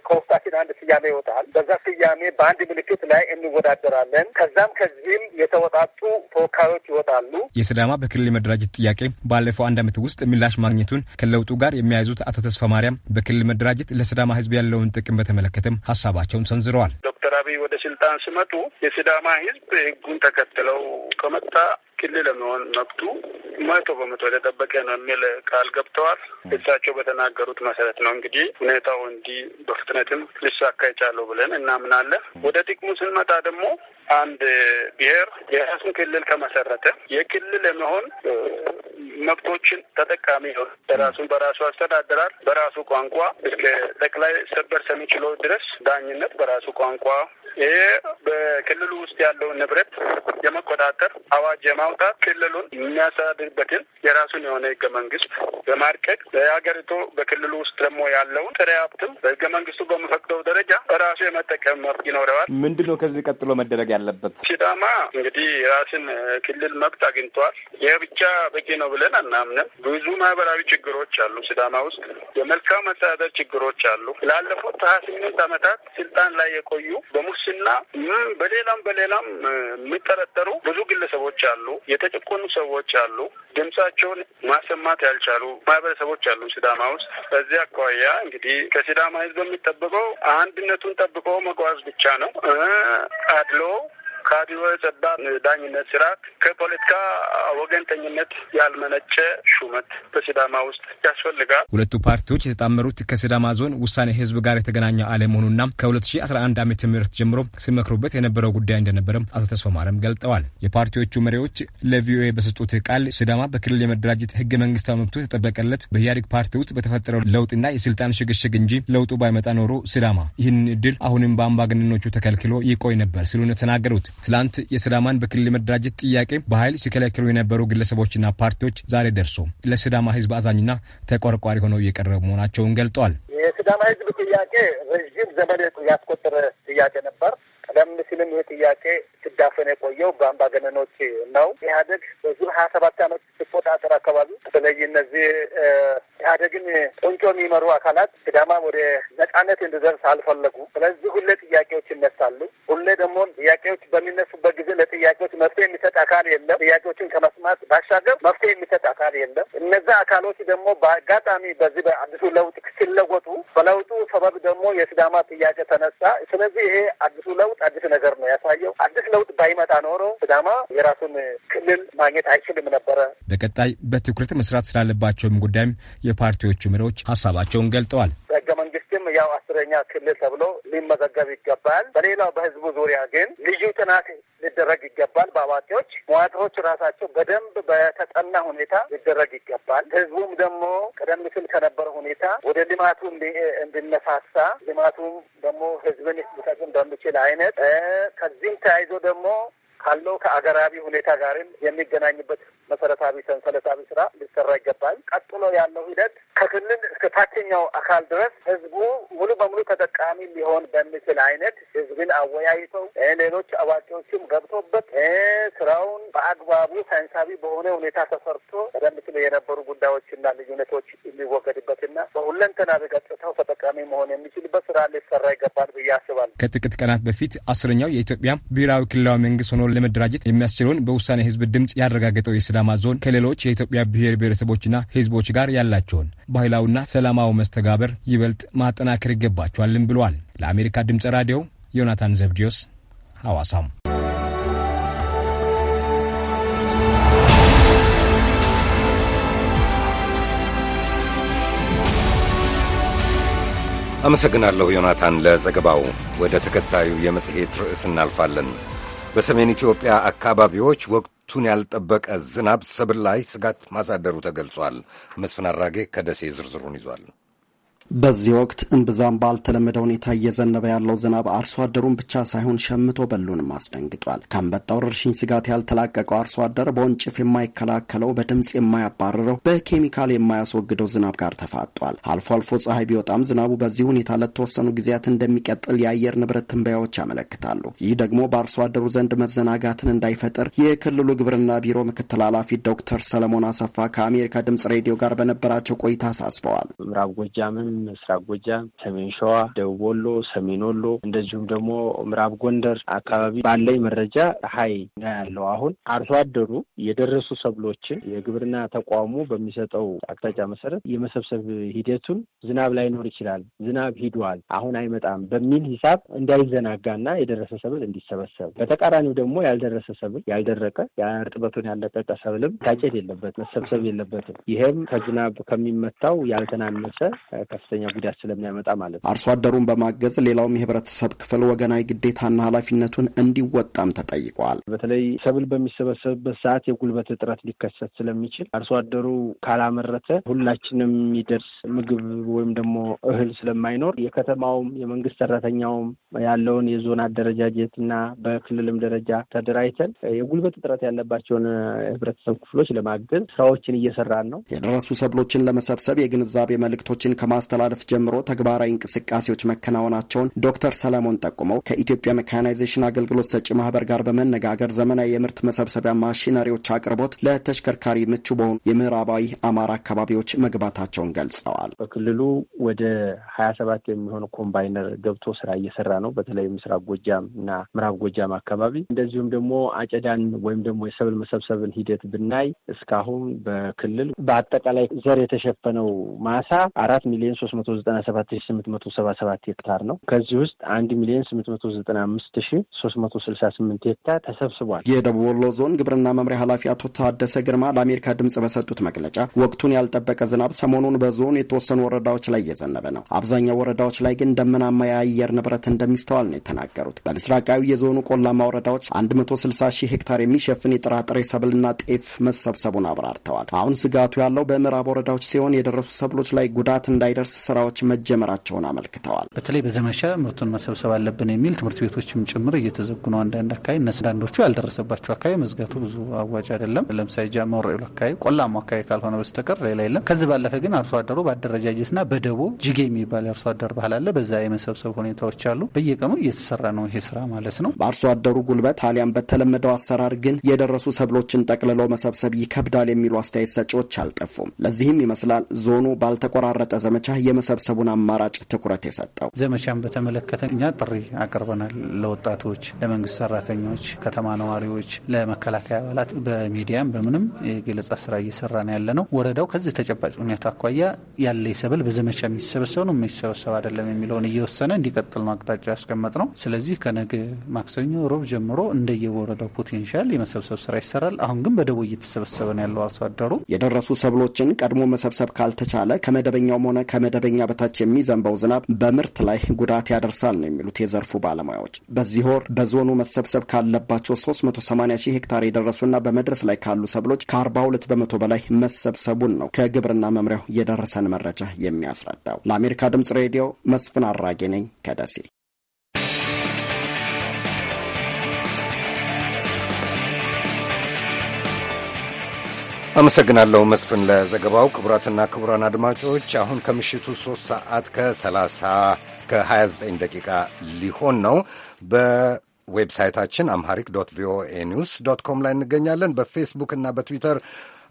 ከውስጣችን አንድ ስያሜ ይወጣል። በዛ ስያሜ በአንድ ምልክት ድርጅት ላይ እንወዳደራለን። ከዛም ከዚህም የተወጣጡ ተወካዮች ይወጣሉ። የስዳማ በክልል የመደራጀት ጥያቄ ባለፈው አንድ ዓመት ውስጥ ምላሽ ማግኘቱን ከለውጡ ጋር የሚያይዙት አቶ ተስፋ ማርያም በክልል መደራጀት ለስዳማ ህዝብ ያለውን ጥቅም በተመለከተም ሀሳባቸውን ሰንዝረዋል። ዶክተር አብይ ወደ ስልጣን ሲመጡ የስዳማ ህዝብ ህጉን ተከትለው ከመጣ ክልል የመሆን መብቱ መቶ በመቶ የተጠበቀ ነው የሚል ቃል ገብተዋል። እሳቸው በተናገሩት መሰረት ነው እንግዲህ ሁኔታው እንዲህ በፍጥነትም ሊሳካ ይቻለው ብለን እናምናለን። ወደ ጥቅሙ ስንመጣ ደግሞ አንድ ብሔር የራሱን ክልል ከመሰረተ የክልል የመሆን መብቶችን ተጠቃሚ ነው። ራሱን በራሱ አስተዳደራል። በራሱ ቋንቋ እስከ ጠቅላይ ሰበር ሰሚ ችሎት ድረስ ዳኝነት በራሱ ቋንቋ ይሄ በክልሉ ውስጥ ያለውን ንብረት የመቆጣጠር አዋጅ የማው በማውጣት ክልሉን የሚያስተዳድርበትን የራሱን የሆነ ህገ መንግስት በማርቀቅ በሀገሪቱ በክልሉ ውስጥ ደግሞ ያለውን ጥሬ ሀብትም በህገ መንግስቱ በሚፈቅደው ደረጃ ራሱ የመጠቀም መብት ይኖረዋል። ምንድን ነው ከዚህ ቀጥሎ መደረግ ያለበት? ሲዳማ እንግዲህ ራስን ክልል መብት አግኝተዋል። ይህ ብቻ በቂ ነው ብለን አናምንም። ብዙ ማህበራዊ ችግሮች አሉ። ሲዳማ ውስጥ የመልካም መስተዳደር ችግሮች አሉ። ላለፉት ሀያ ስምንት ዓመታት ስልጣን ላይ የቆዩ በሙስና በሌላም በሌላም የሚጠረጠሩ ብዙ ግለሰቦች አሉ። የተጨቆኑ ሰዎች አሉ። ድምጻቸውን ማሰማት ያልቻሉ ማህበረሰቦች አሉ ሲዳማ ውስጥ። በዚህ አኳያ እንግዲህ ከሲዳማ ህዝብ የሚጠበቀው አንድነቱን ጠብቆ መጓዝ ብቻ ነው። አድሎ ከአብዮ የጸዳ ዳኝነት ስርዓት ከፖለቲካ ወገንተኝነት ያልመነጨ ሹመት በሲዳማ ውስጥ ያስፈልጋል። ሁለቱ ፓርቲዎች የተጣመሩት ከሲዳማ ዞን ውሳኔ ህዝብ ጋር የተገናኘ አለመሆኑና ከ2011 ዓ ም ጀምሮ ሲመክሩበት የነበረው ጉዳይ እንደነበረም አቶ ተስፋ ማረም ገልጠዋል። የፓርቲዎቹ መሪዎች ለቪኦኤ በሰጡት ቃል ሲዳማ በክልል የመደራጀት ህገ መንግስታዊ መብቱ የተጠበቀለት በኢህአዴግ ፓርቲ ውስጥ በተፈጠረው ለውጥና የስልጣን ሽግሽግ እንጂ ለውጡ ባይመጣ ኖሮ ሲዳማ ይህንን እድል አሁንም በአምባገነኖቹ ተከልክሎ ይቆይ ነበር ሲሉ ነው የተናገሩት። ትላንት የስዳማን በክልል መደራጀት ጥያቄ በኃይል ሲከለክሉ የነበሩ ግለሰቦችና ፓርቲዎች ዛሬ ደርሶ ለስዳማ ህዝብ አዛኝና ተቆርቋሪ ሆነው እየቀረቡ መሆናቸውን ገልጠዋል። የስዳማ ህዝብ ጥያቄ ረዥም ዘመን ያስቆጠረ ጥያቄ ነበር። ቀደም ሲልም ይህ ጥያቄ ሲዳፈን የቆየው በአምባገነኖች ነው። ኢህአደግ በዙ ሀያ ሰባት ዓመት ሲቆጣጠር አካባቢ በተለይ እነዚህ ኢህአደግን ቁንጮ የሚመሩ አካላት ሲዳማ ወደ ነጻነት እንዲደርስ አልፈለጉ። ስለዚህ ሁሌ ጥያቄዎች ይነሳሉ። ሁሌ ደግሞ ጥያቄዎች በሚነሱበት ጊዜ ለጥያቄዎች መፍትሄ የሚሰጥ አካል የለም። ጥያቄዎችን ከመስማት ባሻገር መፍትሄ የሚሰጥ አካል የለም። እነዛ አካሎች ደግሞ በአጋጣሚ በዚህ በአዲሱ ለውጥ ሲለወጡ፣ በለውጡ ሰበብ ደግሞ የስዳማ ጥያቄ ተነሳ። ስለዚህ ይሄ አዲሱ ለውጥ አዲስ ነገር ነው ያሳየው። አዲስ ለውጥ ባይመጣ ኖሮ ስዳማ የራሱን ክልል ማግኘት አይችልም ነበረ። በቀጣይ በትኩረት መስራት ስላለባቸውም ጉዳይም የፓርቲዎቹ መሪዎች ሀሳባቸውን ገልጠዋል። ይህም ያው አስረኛ ክልል ተብሎ ሊመዘገብ ይገባል። በሌላው በህዝቡ ዙሪያ ግን ልዩ ጥናት ሊደረግ ይገባል። በአዋቂዎች መዋቅሮች ራሳቸው በደንብ በተጠና ሁኔታ ሊደረግ ይገባል። ህዝቡም ደግሞ ቀደም ሲል ከነበረ ሁኔታ ወደ ልማቱ እንዲነሳሳ ልማቱም ደግሞ ህዝብን ሊጠቅም በሚችል አይነት ከዚህም ተያይዞ ደግሞ ካለው ከአገራዊ ሁኔታ ጋርም የሚገናኝበት መሰረታዊ ሰንሰለታዊ ስራ ሊሰራ ይገባል። ቀጥሎ ያለው ሂደት ከክልል እስከ ታችኛው አካል ድረስ ህዝቡ ሙሉ በሙሉ ተጠቃሚ ሊሆን በሚችል አይነት ህዝብን አወያይተው ሌሎች አዋቂዎችም ገብቶበት ስራውን በአግባቡ ሳይንሳዊ በሆነ ሁኔታ ተሰርቶ ቀደም ሲል የነበሩ ጉዳዮችና ልዩነቶች የሚወገድበትና በሁለንተና በገጽታው ተጠቃሚ መሆን የሚችልበት ስራ ሊሰራ ይገባል ብዬ አስባለሁ። ከጥቂት ቀናት በፊት አስረኛው የኢትዮጵያ ብሔራዊ ክልላዊ መንግስት ሆኖ ለመደራጀት የሚያስችለውን በውሳኔ ህዝብ ድምጽ ያረጋገጠው በሲዳማ ዞን ከሌሎች የኢትዮጵያ ብሔር ብሔረሰቦችና ህዝቦች ጋር ያላቸውን ባህላዊና ሰላማዊ መስተጋበር ይበልጥ ማጠናከር ይገባቸዋልን ብለዋል። ለአሜሪካ ድምፅ ራዲዮ ዮናታን ዘብዲዮስ ሐዋሳም አመሰግናለሁ ዮናታን ለዘገባው። ወደ ተከታዩ የመጽሔት ርዕስ እናልፋለን። በሰሜን ኢትዮጵያ አካባቢዎች ወቅቱን ያልጠበቀ ዝናብ ሰብል ላይ ስጋት ማሳደሩ ተገልጿል። መስፍን አራጌ ከደሴ ዝርዝሩን ይዟል። በዚህ ወቅት እምብዛም ባልተለመደ ሁኔታ እየዘነበ ያለው ዝናብ አርሶ አደሩን ብቻ ሳይሆን ሸምቶ በሉንም አስደንግጧል። ከአንበጣ ወረርሽኝ ስጋት ያልተላቀቀው አርሶ አደር በወንጭፍ የማይከላከለው፣ በድምፅ የማያባርረው፣ በኬሚካል የማያስወግደው ዝናብ ጋር ተፋጧል። አልፎ አልፎ ፀሐይ ቢወጣም ዝናቡ በዚህ ሁኔታ ለተወሰኑ ጊዜያት እንደሚቀጥል የአየር ንብረት ትንበያዎች ያመለክታሉ። ይህ ደግሞ በአርሶ አደሩ ዘንድ መዘናጋትን እንዳይፈጥር የክልሉ ግብርና ቢሮ ምክትል ኃላፊ ዶክተር ሰለሞን አሰፋ ከአሜሪካ ድምጽ ሬዲዮ ጋር በነበራቸው ቆይታ አሳስበዋል። ምዕራብ ጎጃምም ምስራቅ ጎጃም፣ ሰሜን ሸዋ፣ ደቡብ ወሎ፣ ሰሜን ወሎ እንደዚሁም ደግሞ ምዕራብ ጎንደር አካባቢ ባለኝ መረጃ ፀሐይ ነው ያለው። አሁን አርሶ አደሩ የደረሱ ሰብሎችን የግብርና ተቋሙ በሚሰጠው አቅጣጫ መሰረት የመሰብሰብ ሂደቱን ዝናብ ላይኖር ይችላል፣ ዝናብ ሂዷል፣ አሁን አይመጣም በሚል ሂሳብ እንዳይዘናጋና የደረሰ ሰብል እንዲሰበሰብ፣ በተቃራኒው ደግሞ ያልደረሰ ሰብል ያልደረቀ እርጥበቱን ያለቀቀ ሰብልም ታጨድ የለበት መሰብሰብ የለበትም። ይሄም ከዝናብ ከሚመታው ያልተናነሰ ከፍተኛ ጉዳት ስለሚያመጣ ማለት ነው። አርሶ አደሩን በማገዝ ሌላውም የህብረተሰብ ክፍል ወገናዊ ግዴታና ኃላፊነቱን እንዲወጣም ተጠይቋል። በተለይ ሰብል በሚሰበሰብበት ሰዓት የጉልበት እጥረት ሊከሰት ስለሚችል አርሶ አደሩ ካላመረተ ሁላችንም የሚደርስ ምግብ ወይም ደግሞ እህል ስለማይኖር የከተማውም የመንግስት ሰራተኛውም ያለውን የዞን አደረጃጀት እና በክልልም ደረጃ ተደራጅተን የጉልበት እጥረት ያለባቸውን ህብረተሰብ ክፍሎች ለማገዝ ስራዎችን እየሰራን ነው። የደረሱ ሰብሎችን ለመሰብሰብ የግንዛቤ መልእክቶችን ከማስተ ማስተላለፍ ጀምሮ ተግባራዊ እንቅስቃሴዎች መከናወናቸውን ዶክተር ሰለሞን ጠቁመው ከኢትዮጵያ ሜካናይዜሽን አገልግሎት ሰጪ ማህበር ጋር በመነጋገር ዘመናዊ የምርት መሰብሰቢያ ማሽነሪዎች አቅርቦት ለተሽከርካሪ ምቹ በሆኑ የምዕራባዊ አማራ አካባቢዎች መግባታቸውን ገልጸዋል። በክልሉ ወደ ሀያ ሰባት የሚሆኑ ኮምባይነር ገብቶ ስራ እየሰራ ነው። በተለይ ምስራቅ ጎጃም እና ምዕራብ ጎጃም አካባቢ እንደዚሁም ደግሞ አጨዳን ወይም ደግሞ የሰብል መሰብሰብን ሂደት ብናይ እስካሁን በክልል በአጠቃላይ ዘር የተሸፈነው ማሳ አራት ሚሊዮን ሶስት መቶ ዘጠና ሰባት ሺ ስምንት መቶ ሰባ ሰባት ሄክታር ነው። ከዚህ ውስጥ አንድ ሚሊዮን ስምንት መቶ ዘጠና አምስት ሺ ሶስት መቶ ስልሳ ስምንት ሄክታር ተሰብስቧል። የደቡብ ወሎ ዞን ግብርና መምሪያ ኃላፊ አቶ ታደሰ ግርማ ለአሜሪካ ድምጽ በሰጡት መግለጫ ወቅቱን ያልጠበቀ ዝናብ ሰሞኑን በዞን የተወሰኑ ወረዳዎች ላይ እየዘነበ ነው። አብዛኛው ወረዳዎች ላይ ግን ደመናማ የአየር ንብረት እንደሚስተዋል ነው የተናገሩት። በምስራቃዊ የዞኑ ቆላማ ወረዳዎች ስልሳ ሺህ ሄክታር የሚሸፍን የጥራጥሬ ሰብልና ጤፍ መሰብሰቡን አብራርተዋል። አሁን ስጋቱ ያለው በምዕራብ ወረዳዎች ሲሆን የደረሱ ሰብሎች ላይ ጉዳት እንዳይደርስ የመንግስት ስራዎች መጀመራቸውን አመልክተዋል። በተለይ በዘመቻ ምርቱን መሰብሰብ አለብን የሚል ትምህርት ቤቶችም ጭምር እየተዘጉ ነው። አንዳንድ አካባቢ እነ አንዳንዶቹ ያልደረሰባቸው አካባቢ መዝጋቱ ብዙ አዋጭ አይደለም። ለምሳሌ ጃማ ወረኢሉ አካባቢ ቆላማ አካባቢ ካልሆነ በስተቀር ሌላ የለም። ከዚህ ባለፈ ግን አርሶ አደሩ በአደረጃጀትና በደቦ ጅጌ የሚባል የአርሶ አደር ባህል አለ። በዛ የመሰብሰብ ሁኔታዎች አሉ። በየቀኑ እየተሰራ ነው ይሄ ስራ ማለት ነው። በአርሶ አደሩ ጉልበት አሊያም በተለመደው አሰራር ግን የደረሱ ሰብሎችን ጠቅልሎ መሰብሰብ ይከብዳል የሚሉ አስተያየት ሰጪዎች አልጠፉም። ለዚህም ይመስላል ዞኑ ባልተቆራረጠ ዘመቻ የመሰብሰቡን አማራጭ ትኩረት የሰጠው። ዘመቻን በተመለከተ እኛ ጥሪ አቅርበናል። ለወጣቶች፣ ለመንግስት ሰራተኞች፣ ከተማ ነዋሪዎች፣ ለመከላከያ አባላት በሚዲያም በምንም የገለጻ ስራ እየሰራን ያለ ነው። ወረዳው ከዚህ ተጨባጭ ሁኔታ አኳያ ያለ የሰብል በዘመቻ የሚሰበሰብ ነው የሚሰበሰብ አይደለም የሚለውን እየወሰነ እንዲቀጥል ነው አቅጣጫ ያስቀመጥ ነው። ስለዚህ ከነገ ማክሰኞ፣ ሮብ ጀምሮ እንደየወረዳው ፖቴንሻል የመሰብሰብ ስራ ይሰራል። አሁን ግን በደቡብ እየተሰበሰበ ነው ያለው አርሶ አደሩ። የደረሱ ሰብሎችን ቀድሞ መሰብሰብ ካልተቻለ ከመደበኛውም ሆነ ከመ ከመደበኛ በታች የሚዘንበው ዝናብ በምርት ላይ ጉዳት ያደርሳል ነው የሚሉት የዘርፉ ባለሙያዎች። በዚህ ወር በዞኑ መሰብሰብ ካለባቸው 380 ሺህ ሄክታር የደረሱና በመድረስ ላይ ካሉ ሰብሎች ከ42 በመቶ በላይ መሰብሰቡን ነው ከግብርና መምሪያው የደረሰን መረጃ የሚያስረዳው። ለአሜሪካ ድምጽ ሬዲዮ መስፍን አራጌ ነኝ ከደሴ። አመሰግናለሁ መስፍን ለዘገባው። ክቡራትና ክቡራን አድማጮች አሁን ከምሽቱ 3 ሰዓት ከ30 ከ29 ደቂቃ ሊሆን ነው። በዌብሳይታችን አምሃሪክ ዶት ቪኦኤ ኒውስ ዶት ኮም ላይ እንገኛለን። በፌስቡክ እና በትዊተር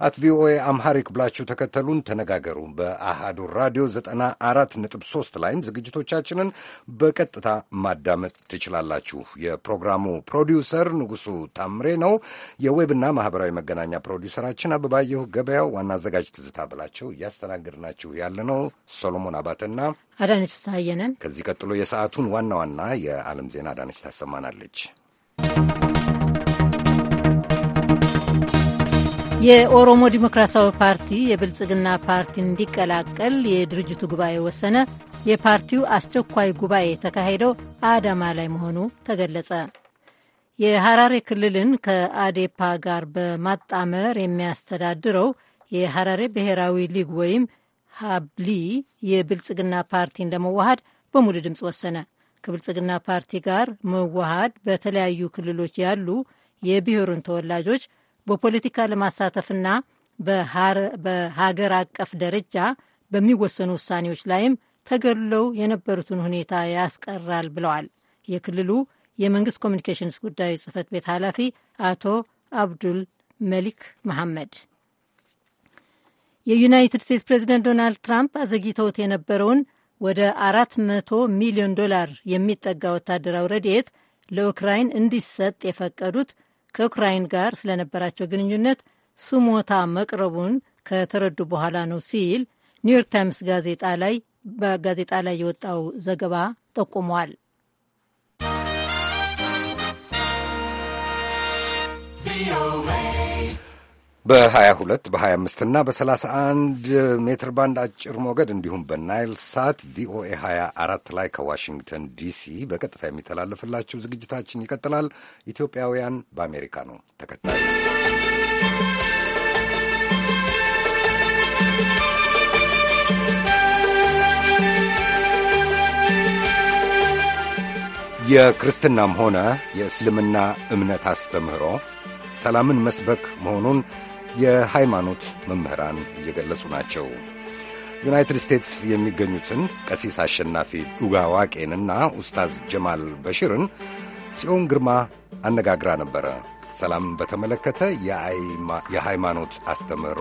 አት ቪኦኤ አምሃሪክ ብላችሁ ተከተሉን፣ ተነጋገሩ። በአሃዱ ራዲዮ 94.3 ላይም ዝግጅቶቻችንን በቀጥታ ማዳመጥ ትችላላችሁ። የፕሮግራሙ ፕሮዲውሰር ንጉሱ ታምሬ ነው። የዌብና ማህበራዊ መገናኛ ፕሮዲውሰራችን አበባየሁ ገበያው፣ ዋና አዘጋጅ ትዝታ ብላቸው፣ እያስተናገድናችሁ ያለ ነው አባተና አዳነች ፍስሐየነን። ከዚህ ቀጥሎ የሰዓቱን ዋና ዋና የዓለም ዜና አዳነች ታሰማናለች። የኦሮሞ ዲሞክራሲያዊ ፓርቲ የብልጽግና ፓርቲ እንዲቀላቀል የድርጅቱ ጉባኤ ወሰነ። የፓርቲው አስቸኳይ ጉባኤ የተካሄደው አዳማ ላይ መሆኑ ተገለጸ። የሐራሬ ክልልን ከአዴፓ ጋር በማጣመር የሚያስተዳድረው የሐራሬ ብሔራዊ ሊግ ወይም ሀብሊ የብልጽግና ፓርቲን ለመዋሃድ በሙሉ ድምፅ ወሰነ። ከብልጽግና ፓርቲ ጋር መዋሃድ በተለያዩ ክልሎች ያሉ የብሔሩን ተወላጆች በፖለቲካ ለማሳተፍና በሀገር አቀፍ ደረጃ በሚወሰኑ ውሳኔዎች ላይም ተገድለው የነበሩትን ሁኔታ ያስቀራል ብለዋል የክልሉ የመንግስት ኮሚኒኬሽንስ ጉዳዮች ጽህፈት ቤት ኃላፊ አቶ አብዱል መሊክ መሐመድ። የዩናይትድ ስቴትስ ፕሬዚደንት ዶናልድ ትራምፕ አዘግይተውት የነበረውን ወደ አራት መቶ ሚሊዮን ዶላር የሚጠጋ ወታደራዊ ረድኤት ለኡክራይን እንዲሰጥ የፈቀዱት ከዩክራይን ጋር ስለነበራቸው ግንኙነት ስሞታ መቅረቡን ከተረዱ በኋላ ነው ሲል ኒውዮርክ ታይምስ ጋዜጣ ላይ በጋዜጣ ላይ የወጣው ዘገባ ጠቁሟል። ቪኦኤ በ22 በ25 እና በ31 ሜትር ባንድ አጭር ሞገድ እንዲሁም በናይል ሳት ቪኦኤ 24 ላይ ከዋሽንግተን ዲሲ በቀጥታ የሚተላለፍላችሁ ዝግጅታችን ይቀጥላል። ኢትዮጵያውያን በአሜሪካ ነው ተከታይ የክርስትናም ሆነ የእስልምና እምነት አስተምህሮ ሰላምን መስበክ መሆኑን የሃይማኖት መምህራን እየገለጹ ናቸው። ዩናይትድ ስቴትስ የሚገኙትን ቀሲስ አሸናፊ ዱጋ ዋቄንና ኡስታዝ ጀማል በሽርን ጽዮን ግርማ አነጋግራ ነበረ። ሰላም በተመለከተ የሃይማኖት አስተምህሮ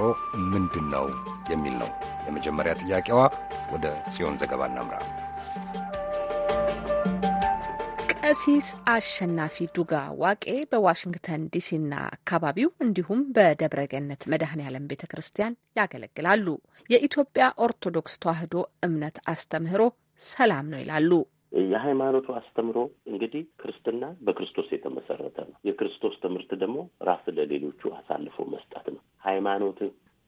ምንድን ነው የሚል ነው የመጀመሪያ ጥያቄዋ። ወደ ጽዮን ዘገባ እናምራ። ቀሲስ አሸናፊ ዱጋ ዋቄ በዋሽንግተን ዲሲና አካባቢው እንዲሁም በደብረገነት ገነት መድኃኔ ዓለም ቤተ ክርስቲያን ያገለግላሉ። የኢትዮጵያ ኦርቶዶክስ ተዋሕዶ እምነት አስተምህሮ ሰላም ነው ይላሉ። የሃይማኖቱ አስተምሮ እንግዲህ ክርስትና በክርስቶስ የተመሰረተ ነው። የክርስቶስ ትምህርት ደግሞ ራስ ለሌሎቹ አሳልፎ መስጠት ነው። ሃይማኖት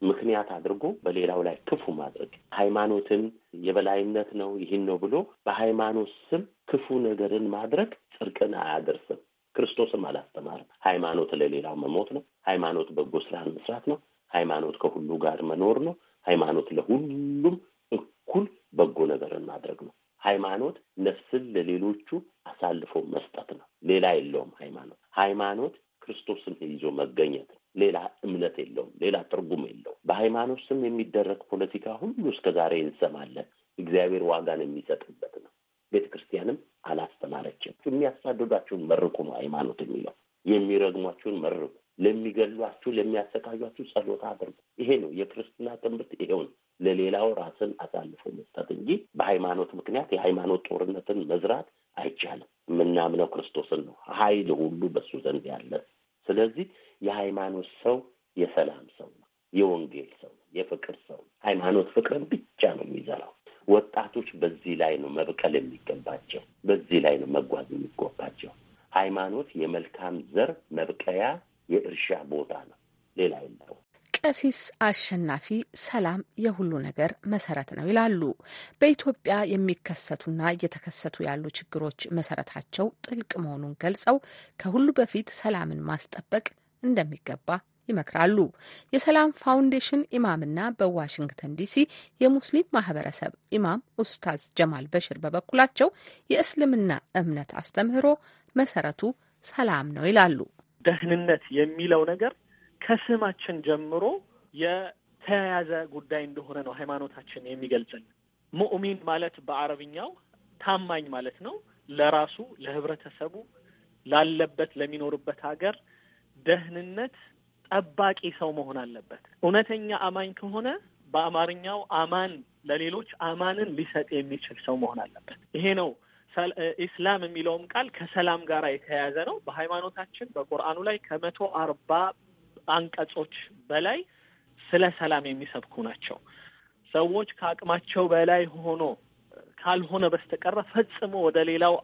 ምክንያት አድርጎ በሌላው ላይ ክፉ ማድረግ ሃይማኖትን የበላይነት ነው ይህን ነው ብሎ በሃይማኖት ስም ክፉ ነገርን ማድረግ ጽድቅን አያደርስም። ክርስቶስም አላስተማርም። ሃይማኖት ለሌላው መሞት ነው። ሃይማኖት በጎ ስራን መስራት ነው። ሃይማኖት ከሁሉ ጋር መኖር ነው። ሃይማኖት ለሁሉም እኩል በጎ ነገርን ማድረግ ነው። ሃይማኖት ነፍስን ለሌሎቹ አሳልፎ መስጠት ነው። ሌላ የለውም። ሃይማኖት ሃይማኖት ክርስቶስን ይዞ መገኘት ነው። ሌላ እምነት የለውም፣ ሌላ ትርጉም የለውም። በሃይማኖት ስም የሚደረግ ፖለቲካ ሁሉ እስከ ዛሬ እንሰማለን። እግዚአብሔር ዋጋን የሚሰጥበት ነው። ቤተ ክርስቲያንም አላስተማረችም። የሚያሳድዷችሁን መርኩ ነው ሃይማኖት የሚለው። የሚረግሟችሁን መርኩ፣ ለሚገሏችሁ፣ ለሚያሰቃዩችሁ ጸሎት አድርጉ። ይሄ ነው የክርስትና ትምህርት። ይሄውን ለሌላው ራስን አሳልፎ መስጠት እንጂ በሃይማኖት ምክንያት የሃይማኖት ጦርነትን መዝራት አይቻልም። የምናምነው ክርስቶስን ነው። ኃይል ሁሉ በሱ ዘንድ ያለ ስለዚህ የሃይማኖት ሰው የሰላም ሰው ነው፣ የወንጌል ሰው ነው፣ የፍቅር ሰው ነው። ሃይማኖት ፍቅርን ብቻ ነው የሚዘራው። ወጣቶች በዚህ ላይ ነው መብቀል የሚገባቸው፣ በዚህ ላይ ነው መጓዝ የሚገባቸው። ሃይማኖት የመልካም ዘር መብቀያ የእርሻ ቦታ ነው፣ ሌላ የለውም። ቀሲስ አሸናፊ ሰላም የሁሉ ነገር መሰረት ነው ይላሉ። በኢትዮጵያ የሚከሰቱና እየተከሰቱ ያሉ ችግሮች መሰረታቸው ጥልቅ መሆኑን ገልጸው ከሁሉ በፊት ሰላምን ማስጠበቅ እንደሚገባ ይመክራሉ። የሰላም ፋውንዴሽን ኢማምና በዋሽንግተን ዲሲ የሙስሊም ማህበረሰብ ኢማም ኡስታዝ ጀማል በሽር በበኩላቸው የእስልምና እምነት አስተምህሮ መሰረቱ ሰላም ነው ይላሉ። ደህንነት የሚለው ነገር ከስማችን ጀምሮ የተያያዘ ጉዳይ እንደሆነ ነው ሃይማኖታችን የሚገልጽን። ሙእሚን ማለት በአረብኛው ታማኝ ማለት ነው። ለራሱ ለህብረተሰቡ፣ ላለበት ለሚኖርበት ሀገር ደህንነት ጠባቂ ሰው መሆን አለበት። እውነተኛ አማኝ ከሆነ በአማርኛው አማን ለሌሎች አማንን ሊሰጥ የሚችል ሰው መሆን አለበት። ይሄ ነው ኢስላም የሚለውም ቃል ከሰላም ጋር የተያያዘ ነው። በሃይማኖታችን በቁርአኑ ላይ ከመቶ አርባ አንቀጾች በላይ ስለ ሰላም የሚሰብኩ ናቸው። ሰዎች ከአቅማቸው በላይ ሆኖ ካልሆነ በስተቀረ ፈጽሞ ወደ ሌላው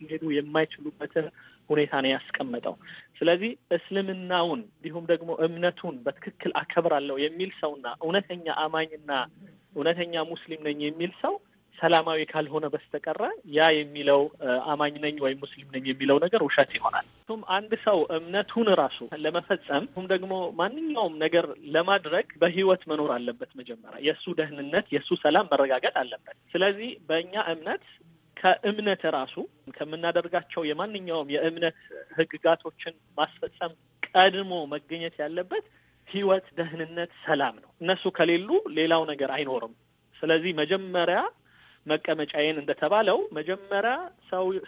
ሊሄዱ የማይችሉበትን ሁኔታ ነው ያስቀመጠው። ስለዚህ እስልምናውን እንዲሁም ደግሞ እምነቱን በትክክል አከብራለሁ የሚል ሰውና እውነተኛ አማኝና እውነተኛ ሙስሊም ነኝ የሚል ሰው ሰላማዊ ካልሆነ በስተቀረ ያ የሚለው አማኝ ነኝ ወይም ሙስሊም ነኝ የሚለው ነገር ውሸት ይሆናል። ቱም አንድ ሰው እምነቱን ራሱ ለመፈጸም ቱም ደግሞ ማንኛውም ነገር ለማድረግ በህይወት መኖር አለበት። መጀመሪያ የእሱ ደህንነት የእሱ ሰላም መረጋገጥ አለበት። ስለዚህ በእኛ እምነት ከእምነት ራሱ ከምናደርጋቸው የማንኛውም የእምነት ህግጋቶችን ማስፈጸም ቀድሞ መገኘት ያለበት ህይወት፣ ደህንነት፣ ሰላም ነው። እነሱ ከሌሉ ሌላው ነገር አይኖርም። ስለዚህ መጀመሪያ መቀመጫዬን እንደተባለው መጀመሪያ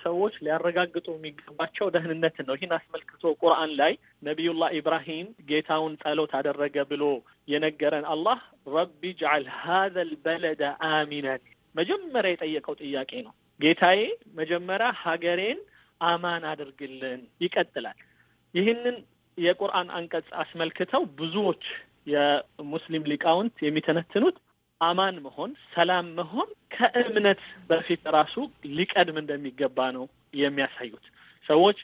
ሰዎች ሊያረጋግጡ የሚገባቸው ደህንነትን ነው። ይህን አስመልክቶ ቁርአን ላይ ነቢዩላህ ኢብራሂም ጌታውን ጸሎት አደረገ ብሎ የነገረን አላህ ረቢ ጅዓል ሀዘል ልበለደ አሚነን መጀመሪያ የጠየቀው ጥያቄ ነው። ጌታዬ መጀመሪያ ሀገሬን አማን አድርግልን ይቀጥላል። ይህንን የቁርአን አንቀጽ አስመልክተው ብዙዎች የሙስሊም ሊቃውንት የሚተነትኑት አማን መሆን ሰላም መሆን ከእምነት በፊት ራሱ ሊቀድም እንደሚገባ ነው የሚያሳዩት። ሰዎች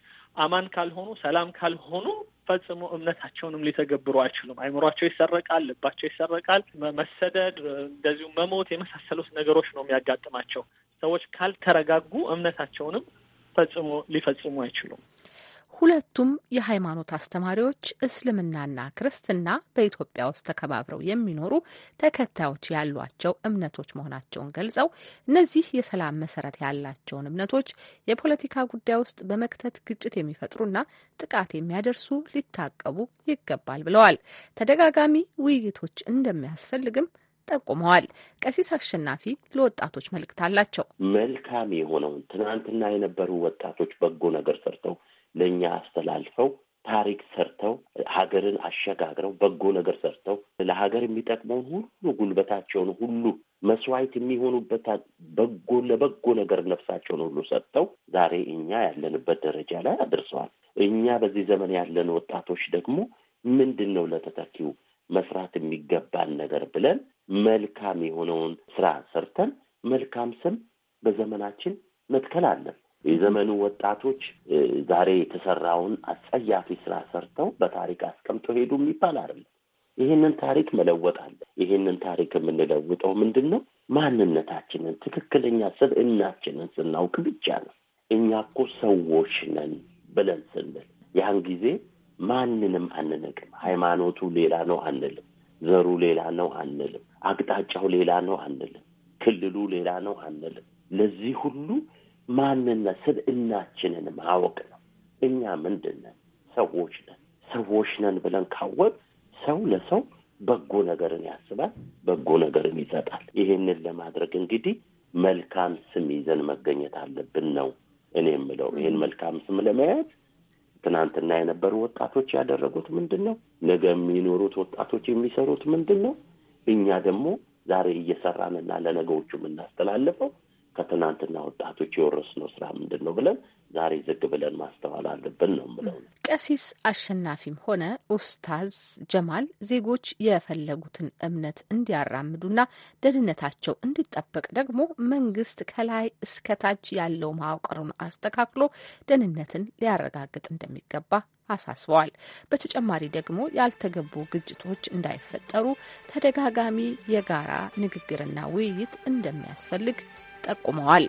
አማን ካልሆኑ፣ ሰላም ካልሆኑ ፈጽሞ እምነታቸውንም ሊተገብሩ አይችሉም። አይምሯቸው ይሰረቃል፣ ልባቸው ይሰረቃል። መሰደድ፣ እንደዚሁ መሞት የመሳሰሉት ነገሮች ነው የሚያጋጥማቸው። ሰዎች ካልተረጋጉ እምነታቸውንም ፈጽሞ ሊፈጽሙ አይችሉም። ሁለቱም የሃይማኖት አስተማሪዎች እስልምናና ክርስትና በኢትዮጵያ ውስጥ ተከባብረው የሚኖሩ ተከታዮች ያሏቸው እምነቶች መሆናቸውን ገልጸው እነዚህ የሰላም መሰረት ያላቸውን እምነቶች የፖለቲካ ጉዳይ ውስጥ በመክተት ግጭት የሚፈጥሩና ጥቃት የሚያደርሱ ሊታቀቡ ይገባል ብለዋል። ተደጋጋሚ ውይይቶች እንደሚያስፈልግም ጠቁመዋል። ቀሲስ አሸናፊ ለወጣቶች መልእክት አላቸው። መልካም የሆነውን ትናንትና የነበሩ ወጣቶች በጎ ነገር ሰርተው ለእኛ አስተላልፈው ታሪክ ሰርተው ሀገርን አሸጋግረው በጎ ነገር ሰርተው ለሀገር የሚጠቅመውን ሁሉ ጉልበታቸውን ሁሉ መስዋዕት የሚሆኑበት በጎ ለበጎ ነገር ነፍሳቸውን ሁሉ ሰጥተው ዛሬ እኛ ያለንበት ደረጃ ላይ አድርሰዋል። እኛ በዚህ ዘመን ያለን ወጣቶች ደግሞ ምንድን ነው ለተተኪው መስራት የሚገባን ነገር ብለን መልካም የሆነውን ስራ ሰርተን መልካም ስም በዘመናችን መትከል አለን። የዘመኑ ወጣቶች ዛሬ የተሰራውን አጸያፊ ስራ ሰርተው በታሪክ አስቀምጦ ሄዱ የሚባል አይደለም። ይህንን ታሪክ መለወጥ አለ። ይህንን ታሪክ የምንለውጠው ምንድን ነው? ማንነታችንን፣ ትክክለኛ ስብዕናችንን ስናውቅ ብቻ ነው። እኛ እኮ ሰዎች ነን ብለን ስንል ያን ጊዜ ማንንም አንነቅም። ሃይማኖቱ ሌላ ነው አንልም። ዘሩ ሌላ ነው አንልም። አቅጣጫው ሌላ ነው አንልም። ክልሉ ሌላ ነው አንልም። ለዚህ ሁሉ ማንነት እናችንን ማወቅ ነው። እኛ ምንድን ነን? ሰዎች ነን። ሰዎች ነን ብለን ካወቅ ሰው ለሰው በጎ ነገርን ያስባል፣ በጎ ነገርን ይሰጣል። ይሄንን ለማድረግ እንግዲህ መልካም ስም ይዘን መገኘት አለብን ነው እኔ የምለው። ይህን መልካም ስም ለመያዝ ትናንትና የነበሩ ወጣቶች ያደረጉት ምንድን ነው? ነገ የሚኖሩት ወጣቶች የሚሰሩት ምንድን ነው? እኛ ደግሞ ዛሬ እየሰራንና ለነገዎቹ የምናስተላልፈው ከትናንትና ወጣቶች የወረስነው ስራ ምንድን ነው ብለን ዛሬ ዝግ ብለን ማስተዋል አለብን ነው ምለው። ቀሲስ አሸናፊም ሆነ ኡስታዝ ጀማል ዜጎች የፈለጉትን እምነት እንዲያራምዱና ደህንነታቸው እንዲጠበቅ ደግሞ መንግስት ከላይ እስከታች ያለው መዋቅሩን አስተካክሎ ደህንነትን ሊያረጋግጥ እንደሚገባ አሳስበዋል። በተጨማሪ ደግሞ ያልተገቡ ግጭቶች እንዳይፈጠሩ ተደጋጋሚ የጋራ ንግግርና ውይይት እንደሚያስፈልግ ጠቁመዋል።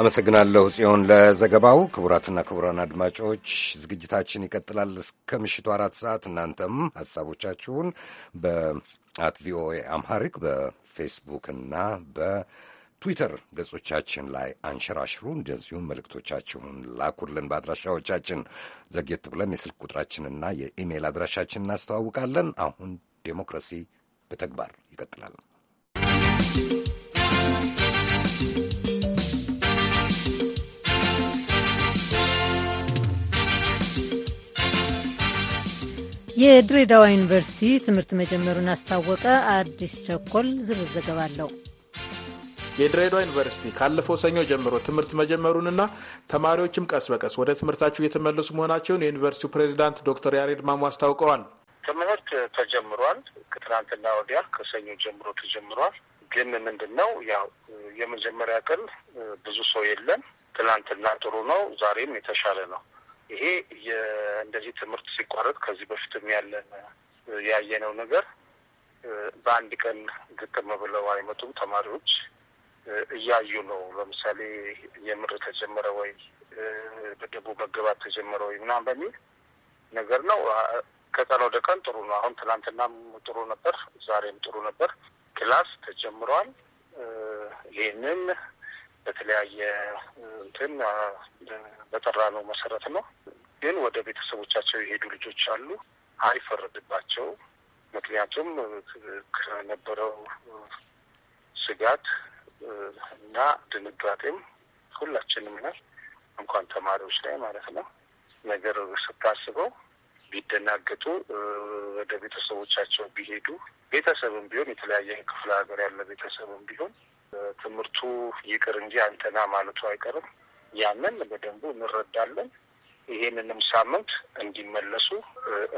አመሰግናለሁ ጽዮን ለዘገባው። ክቡራትና ክቡራን አድማጮች ዝግጅታችን ይቀጥላል እስከ ምሽቱ አራት ሰዓት። እናንተም ሀሳቦቻችሁን በአት ቪኦኤ አምሃሪክ በፌስቡክ እና በ ትዊተር ገጾቻችን ላይ አንሸራሽሩ። እንደዚሁም መልእክቶቻችሁን ላኩልን በአድራሻዎቻችን። ዘግየት ብለን የስልክ ቁጥራችንና የኢሜይል አድራሻችን እናስተዋውቃለን። አሁን ዴሞክራሲ በተግባር ይቀጥላል። የድሬዳዋ ዩኒቨርሲቲ ትምህርት መጀመሩን አስታወቀ። አዲስ ቸኮል ዝርዝር ዘገባ አለው። የድሬዳዋ ዩኒቨርሲቲ ካለፈው ሰኞ ጀምሮ ትምህርት መጀመሩንና ተማሪዎችም ቀስ በቀስ ወደ ትምህርታቸው እየተመለሱ መሆናቸውን የዩኒቨርሲቲው ፕሬዚዳንት ዶክተር ያሬድ ማሙ አስታውቀዋል። ትምህርት ተጀምሯል። ከትናንትና ወዲያ ከሰኞ ጀምሮ ተጀምሯል። ግን ምንድን ነው ያው የመጀመሪያ ቀን ብዙ ሰው የለም። ትናንትና ጥሩ ነው፣ ዛሬም የተሻለ ነው። ይሄ እንደዚህ ትምህርት ሲቋረጥ ከዚህ በፊትም ያለን ያየነው ነገር በአንድ ቀን ግጥም ብለው አይመጡም ተማሪዎች እያዩ ነው። ለምሳሌ የምር ተጀመረ ወይ በደቡብ መገባት ተጀመረ ወይ ምናምን በሚል ነገር ነው። ከቀን ወደ ቀን ጥሩ ነው። አሁን ትናንትናም ጥሩ ነበር፣ ዛሬም ጥሩ ነበር። ክላስ ተጀምሯል። ይህንን በተለያየ እንትን በጠራ ነው መሰረት ነው። ግን ወደ ቤተሰቦቻቸው የሄዱ ልጆች አሉ። አይፈረድባቸው። ምክንያቱም ከነበረው ስጋት እና ድንጋጤም ሁላችንም ነን፣ እንኳን ተማሪዎች ላይ ማለት ነው። ነገር ስታስበው ቢደናገጡ ወደ ቤተሰቦቻቸው ቢሄዱ ቤተሰብም ቢሆን የተለያየ ክፍለ ሀገር ያለ ቤተሰብም ቢሆን ትምህርቱ ይቅር እንጂ አንተና ማለቱ አይቀርም። ያንን በደንቡ እንረዳለን። ይሄንንም ሳምንት እንዲመለሱ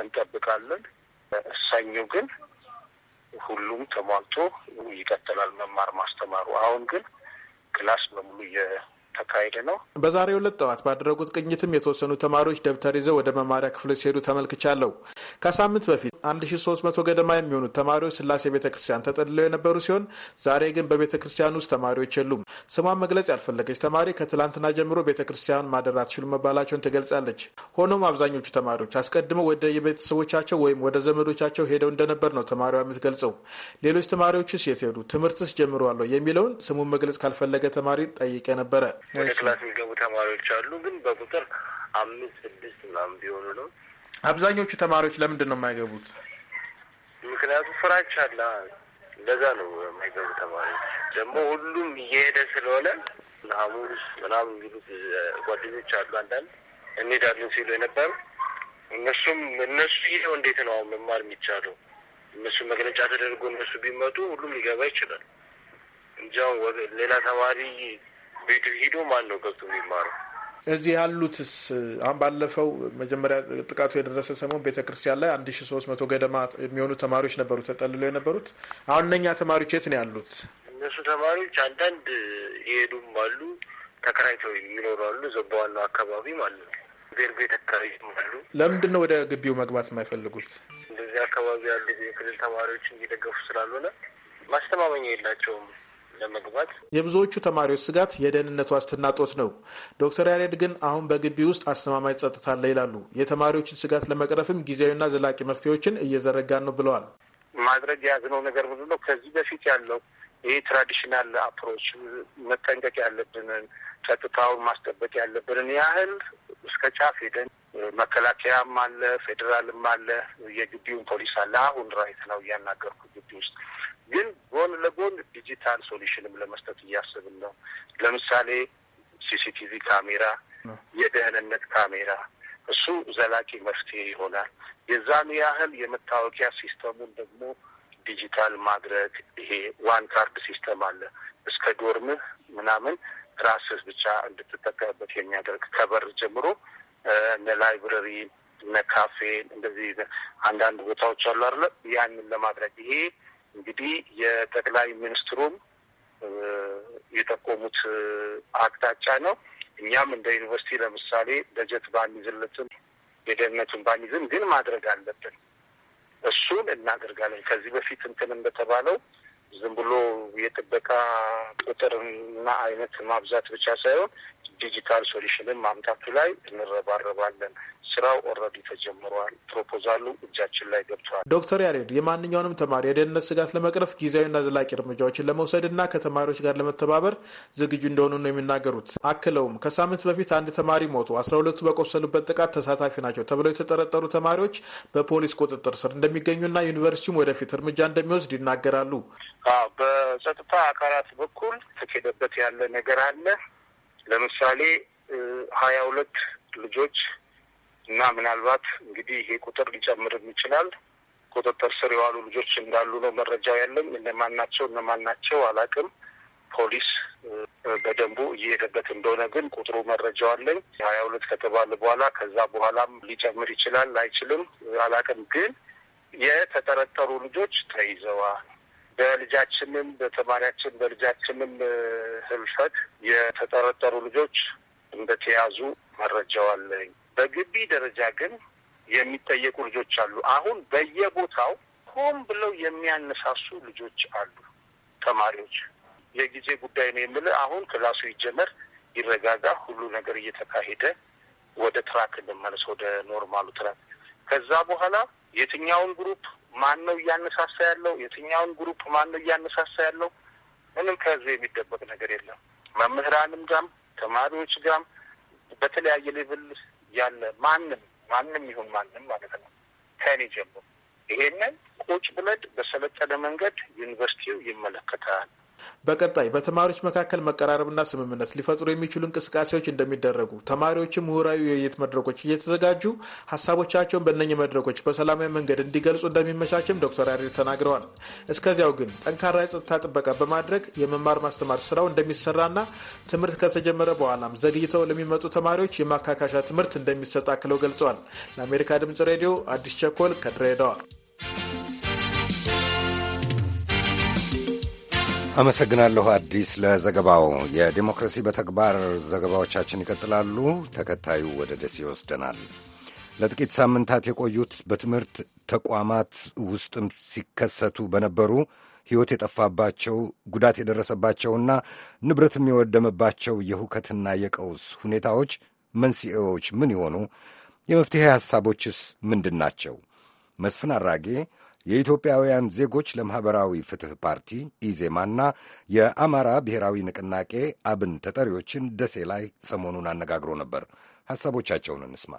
እንጠብቃለን። ሰኞ ግን ሁሉም ተሟልቶ ይቀጥላል መማር ማስተማሩ። አሁን ግን ክላስ በሙሉ እየተካሄደ ነው። በዛሬው ዕለት ጠዋት ባደረጉት ቅኝትም የተወሰኑ ተማሪዎች ደብተር ይዘው ወደ መማሪያ ክፍል ሲሄዱ ተመልክቻለሁ። ከሳምንት በፊት መቶ ገደማ የሚሆኑት ተማሪዎች ስላሴ ቤተ ክርስቲያን ተጠልለው የነበሩ ሲሆን ዛሬ ግን በቤተ ክርስቲያን ውስጥ ተማሪዎች የሉም። ስሟን መግለጽ ያልፈለገች ተማሪ ከትላንትና ጀምሮ ቤተ ክርስቲያን ማደር አትችሉም መባላቸውን ትገልጻለች። ሆኖም አብዛኞቹ ተማሪዎች አስቀድመው ወደ የቤተሰቦቻቸው ወይም ወደ ዘመዶቻቸው ሄደው እንደነበር ነው ተማሪዋ የምትገልጸው። ሌሎች ተማሪዎችስ የት ሄዱ? ትምህርትስ አለው የሚለውን ስሙን መግለጽ ካልፈለገ ተማሪ ጠይቄ ነበረ። ወደ ክላስ የሚገቡ ተማሪዎች አሉ፣ ግን በቁጥር አምስት ስድስት ምናምን ቢሆኑ ነው። አብዛኞቹ ተማሪዎች ለምንድን ነው የማይገቡት? ምክንያቱ ፍራቻ አለ። እንደዛ ነው የማይገቡ ተማሪዎች። ደግሞ ሁሉም እየሄደ ስለሆነ ሐሙስ ምናምን የሚሉት ጓደኞች አሉ። አንዳንድ እንሄዳለን ሲሉ የነበሩ እነሱም እነሱ ይሄው እንዴት ነው አሁን መማር የሚቻለው? እነሱ መግለጫ ተደርጎ እነሱ ቢመጡ ሁሉም ሊገባ ይችላል እንጃው ሌላ ተማሪ ቤት ሂዶ ማን ነው ገብቶ የሚማረው? እዚህ ያሉትስ አሁን ባለፈው መጀመሪያ ጥቃቱ የደረሰ ሰሞን ቤተክርስቲያን ላይ አንድ ሺ ሶስት መቶ ገደማ የሚሆኑ ተማሪዎች ነበሩ ተጠልለው የነበሩት። አሁን እነኛ ተማሪዎች የት ነው ያሉት? እነሱ ተማሪዎች አንዳንድ የሄዱም አሉ፣ ተከራይተው ይኖራሉ። በዋናው አካባቢ ማለት ነው ቤር ቤት አካባቢም አሉ። ለምንድን ነው ወደ ግቢው መግባት የማይፈልጉት? እንደዚህ አካባቢ ያሉ የክልል ተማሪዎች እንዲደገፉ ስላልሆነ ማስተማመኛ የላቸውም። ለመግባት የብዙዎቹ ተማሪዎች ስጋት የደህንነት ዋስትና ጦት ነው። ዶክተር ያሬድ ግን አሁን በግቢ ውስጥ አስተማማኝ ጸጥታ አለ ይላሉ። የተማሪዎችን ስጋት ለመቅረፍም ጊዜያዊና ዘላቂ መፍትሄዎችን እየዘረጋ ነው ብለዋል። ማድረግ የያዝነው ነገር ብዙ ነው። ከዚህ በፊት ያለው ይህ ትራዲሽናል አፕሮች መጠንቀቅ ያለብንን ጸጥታውን ማስጠበቅ ያለብንን ያህል እስከ ጫፍ ሄደን መከላከያም አለ፣ ፌዴራልም አለ፣ የግቢውን ፖሊስ አለ። አሁን ራይት ነው እያናገርኩ ግቢ ውስጥ ግን ጎን ለጎን ዲጂታል ሶሉሽንም ለመስጠት እያስብን ነው። ለምሳሌ ሲሲቲቪ ካሜራ፣ የደህንነት ካሜራ እሱ ዘላቂ መፍትሄ ይሆናል። የዛን ያህል የመታወቂያ ሲስተሙን ደግሞ ዲጂታል ማድረግ ይሄ ዋን ካርድ ሲስተም አለ እስከ ዶርምህ ምናምን ራስህ ብቻ እንድትጠቀምበት የሚያደርግ ከበር ጀምሮ እነ ላይብረሪ እነ ካፌ እንደዚህ አንዳንድ ቦታዎች አሉ አለ ያንን ለማድረግ ይሄ እንግዲህ የጠቅላይ ሚኒስትሩም የጠቆሙት አቅጣጫ ነው። እኛም እንደ ዩኒቨርሲቲ ለምሳሌ በጀት ባንይዝለትም የደህንነቱን ባንይዝም ግን ማድረግ አለብን። እሱን እናደርጋለን። ከዚህ በፊት እንትን እንደተባለው ዝም ብሎ የጥበቃ ቁጥርና አይነት ማብዛት ብቻ ሳይሆን ዲጂታል ሶሉሽንን ማምጣቱ ላይ እንረባረባለን። ስራው ኦልሬዲ ተጀምሯል። ፕሮፖዛሉ እጃችን ላይ ገብቷል። ዶክተር ያሬድ የማንኛውንም ተማሪ የደህንነት ስጋት ለመቅረፍ ጊዜያዊና ዘላቂ እርምጃዎችን ለመውሰድና ከተማሪዎች ጋር ለመተባበር ዝግጁ እንደሆኑ ነው የሚናገሩት። አክለውም ከሳምንት በፊት አንድ ተማሪ ሞቱ፣ አስራ ሁለቱ በቆሰሉበት ጥቃት ተሳታፊ ናቸው ተብለው የተጠረጠሩ ተማሪዎች በፖሊስ ቁጥጥር ስር እንደሚገኙና ዩኒቨርሲቲውም ወደፊት እርምጃ እንደሚወስድ ይናገራሉ። በጸጥታ አካላት በኩል ተኬደበት ያለ ነገር አለ ለምሳሌ ሀያ ሁለት ልጆች እና ምናልባት እንግዲህ ይሄ ቁጥር ሊጨምርም ይችላል ቁጥጥር ስር የዋሉ ልጆች እንዳሉ ነው መረጃው ያለኝ። እነማን ናቸው እነማን ናቸው አላቅም። ፖሊስ በደንቡ እየሄደበት እንደሆነ ግን ቁጥሩ መረጃው አለኝ። ሀያ ሁለት ከተባለ በኋላ ከዛ በኋላም ሊጨምር ይችላል አይችልም አላቅም። ግን የተጠረጠሩ ልጆች ተይዘዋል። በልጃችንም በተማሪያችን በልጃችንም ህልፈት የተጠረጠሩ ልጆች እንደተያዙ መረጃው አለኝ። በግቢ ደረጃ ግን የሚጠየቁ ልጆች አሉ። አሁን በየቦታው ሆን ብለው የሚያነሳሱ ልጆች አሉ። ተማሪዎች የጊዜ ጉዳይ ነው የምልህ። አሁን ክላሱ ይጀመር፣ ይረጋጋ፣ ሁሉ ነገር እየተካሄደ ወደ ትራክ እንመለስ፣ ወደ ኖርማሉ ትራክ። ከዛ በኋላ የትኛውን ግሩፕ ማን ነው እያነሳሳ ያለው? የትኛውን ግሩፕ ማን ነው እያነሳሳ ያለው? ምንም ከህዝብ የሚደበቅ ነገር የለም። መምህራንም ጋም ተማሪዎች ጋም በተለያየ ሌቭል ያለ ማንም ማንም ይሁን ማንም ማለት ነው ከኔ ጀምሮ ይሄንን ቁጭ ብለድ በሰለጠነ መንገድ ዩኒቨርሲቲው ይመለከታል። በቀጣይ በተማሪዎች መካከል መቀራረብና ስምምነት ሊፈጥሩ የሚችሉ እንቅስቃሴዎች እንደሚደረጉ ተማሪዎችም ምሁራዊ የውይይት መድረኮች እየተዘጋጁ ሀሳቦቻቸውን በእነኚህ መድረኮች በሰላማዊ መንገድ እንዲገልጹ እንደሚመቻችም ዶክተር ያሬድ ተናግረዋል። እስከዚያው ግን ጠንካራ የጸጥታ ጥበቃ በማድረግ የመማር ማስተማር ስራው እንደሚሰራና ትምህርት ከተጀመረ በኋላም ዘግይተው ለሚመጡ ተማሪዎች የማካካሻ ትምህርት እንደሚሰጥ አክለው ገልጸዋል። ለአሜሪካ ድምጽ ሬዲዮ አዲስ ቸኮል ከድሬዳዋ አመሰግናለሁ አዲስ ለዘገባው። የዲሞክራሲ በተግባር ዘገባዎቻችን ይቀጥላሉ። ተከታዩ ወደ ደሴ ይወስደናል። ለጥቂት ሳምንታት የቆዩት በትምህርት ተቋማት ውስጥም ሲከሰቱ በነበሩ ሕይወት የጠፋባቸው ጉዳት የደረሰባቸውና ንብረትም የወደመባቸው የሁከትና የቀውስ ሁኔታዎች መንስኤዎች ምን ይሆኑ? የመፍትሔ ሐሳቦችስ ምንድን ናቸው? መስፍን አራጌ የኢትዮጵያውያን ዜጎች ለማኅበራዊ ፍትሕ ፓርቲ ኢዜማና የአማራ ብሔራዊ ንቅናቄ አብን ተጠሪዎችን ደሴ ላይ ሰሞኑን አነጋግሮ ነበር። ሐሳቦቻቸውን እንስማ።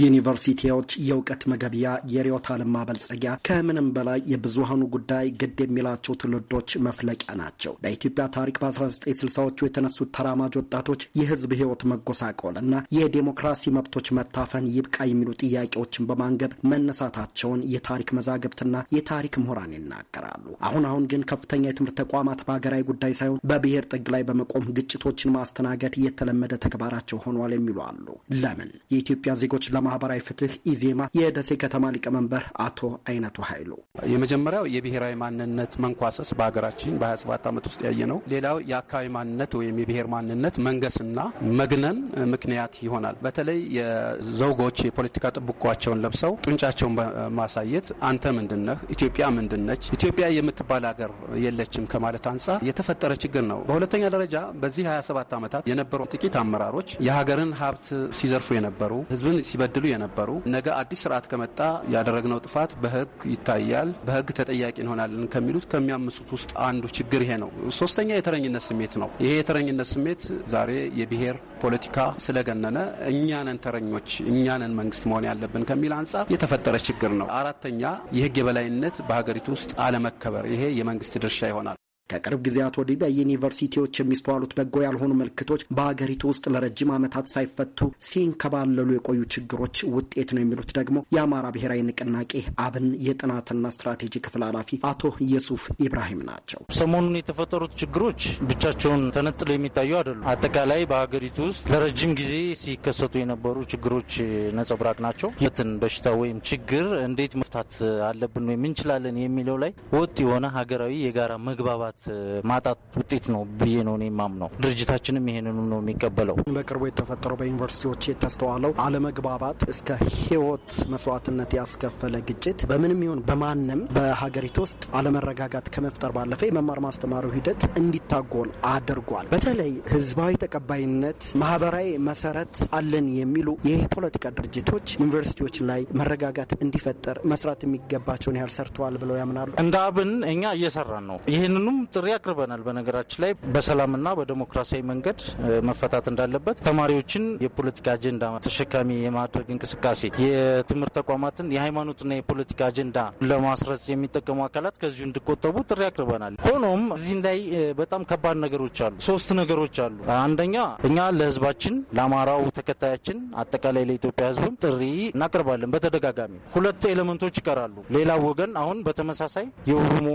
ዩኒቨርሲቲዎች የእውቀት መገቢያ፣ የርዕዮተ ዓለም ማበልጸጊያ፣ ከምንም በላይ የብዙሃኑ ጉዳይ ግድ የሚላቸው ትውልዶች መፍለቂያ ናቸው። በኢትዮጵያ ታሪክ በ1960ዎቹ የተነሱት ተራማጅ ወጣቶች የህዝብ ህይወት መጎሳቆል እና የዴሞክራሲ መብቶች መታፈን ይብቃ የሚሉ ጥያቄዎችን በማንገብ መነሳታቸውን የታሪክ መዛግብትና የታሪክ ምሁራን ይናገራሉ። አሁን አሁን ግን ከፍተኛ የትምህርት ተቋማት በሀገራዊ ጉዳይ ሳይሆን በብሔር ጥግ ላይ በመቆም ግጭቶችን ማስተናገድ የተለመደ ተግባራቸው ሆኗል የሚሉ አሉ። ለምን የኢትዮጵያ ዜጎች ለማህበራዊ ፍትህ ኢዜማ የደሴ ከተማ ሊቀመንበር አቶ አይነቱ ኃይሉ የመጀመሪያው የብሔራዊ ማንነት መንኳሰስ በሀገራችን በ27 ዓመት ውስጥ ያየ ነው። ሌላው የአካባቢ ማንነት ወይም የብሔር ማንነት መንገስና መግነን ምክንያት ይሆናል። በተለይ የዘውጎች የፖለቲካ ጥብቋቸውን ለብሰው ጡንጫቸውን በማሳየት አንተ ምንድነህ? ኢትዮጵያ ምንድነች? ኢትዮጵያ የምትባል ሀገር የለችም ከማለት አንጻር የተፈጠረ ችግር ነው። በሁለተኛ ደረጃ በዚህ 27 ዓመታት የነበሩ ጥቂት አመራሮች የሀገርን ሀብት ሲዘርፉ የነበሩ ህዝብን ሲበ ሲበድሉ የነበሩ ነገ አዲስ ስርዓት ከመጣ ያደረግነው ጥፋት በህግ ይታያል፣ በህግ ተጠያቂ እንሆናለን ከሚሉት ከሚያምሱት ውስጥ አንዱ ችግር ይሄ ነው። ሶስተኛ የተረኝነት ስሜት ነው። ይሄ የተረኝነት ስሜት ዛሬ የብሔር ፖለቲካ ስለገነነ እኛንን ተረኞች እኛንን መንግስት መሆን ያለብን ከሚል አንጻር የተፈጠረ ችግር ነው። አራተኛ የህግ የበላይነት በሀገሪቱ ውስጥ አለመከበር፣ ይሄ የመንግስት ድርሻ ይሆናል። ከቅርብ ጊዜያት ወዲህ በዩኒቨርሲቲዎች የሚስተዋሉት በጎ ያልሆኑ ምልክቶች በሀገሪቱ ውስጥ ለረጅም ዓመታት ሳይፈቱ ሲንከባለሉ የቆዩ ችግሮች ውጤት ነው የሚሉት ደግሞ የአማራ ብሔራዊ ንቅናቄ አብን የጥናትና ስትራቴጂ ክፍል ኃላፊ አቶ ኢየሱፍ ኢብራሂም ናቸው። ሰሞኑን የተፈጠሩት ችግሮች ብቻቸውን ተነጥለው የሚታዩ አይደሉም። አጠቃላይ በሀገሪቱ ውስጥ ለረጅም ጊዜ ሲከሰቱ የነበሩ ችግሮች ነጸብራቅ ናቸው። የትን በሽታ ወይም ችግር እንዴት መፍታት አለብን ወይም እንችላለን የሚለው ላይ ወጥ የሆነ ሀገራዊ የጋራ መግባባት ግብአት ማጣት ውጤት ነው ብዬ ነው ነው። ድርጅታችንም ይሄንኑ ነው የሚቀበለው። በቅርቡ የተፈጠረው በዩኒቨርሲቲዎች የተስተዋለው አለመግባባት እስከ ህይወት መስዋዕትነት ያስከፈለ ግጭት በምንም ይሁን በማንም በሀገሪቱ ውስጥ አለመረጋጋት ከመፍጠር ባለፈ የመማር ማስተማሩ ሂደት እንዲታጎል አድርጓል። በተለይ ህዝባዊ ተቀባይነት ማህበራዊ መሰረት አለን የሚሉ የፖለቲካ ድርጅቶች ዩኒቨርሲቲዎች ላይ መረጋጋት እንዲፈጠር መስራት የሚገባቸውን ያህል ሰርተዋል ብለው ያምናሉ። እንደ አብን እኛ እየሰራን ነው። ይህንንም ጥሪ አቅርበናል። በነገራችን ላይ በሰላምና በዲሞክራሲያዊ መንገድ መፈታት እንዳለበት ተማሪዎችን የፖለቲካ አጀንዳ ተሸካሚ የማድረግ እንቅስቃሴ የትምህርት ተቋማትን የሃይማኖትና የፖለቲካ አጀንዳ ለማስረጽ የሚጠቀሙ አካላት ከዚሁ እንዲቆጠቡ ጥሪ አቅርበናል። ሆኖም እዚህ ላይ በጣም ከባድ ነገሮች አሉ። ሶስት ነገሮች አሉ። አንደኛ እኛ ለህዝባችን ለአማራው ተከታያችን አጠቃላይ ለኢትዮጵያ ህዝብም ጥሪ እናቀርባለን በተደጋጋሚ። ሁለት ኤሌመንቶች ይቀራሉ። ሌላ ወገን አሁን በተመሳሳይ የኦሮሞ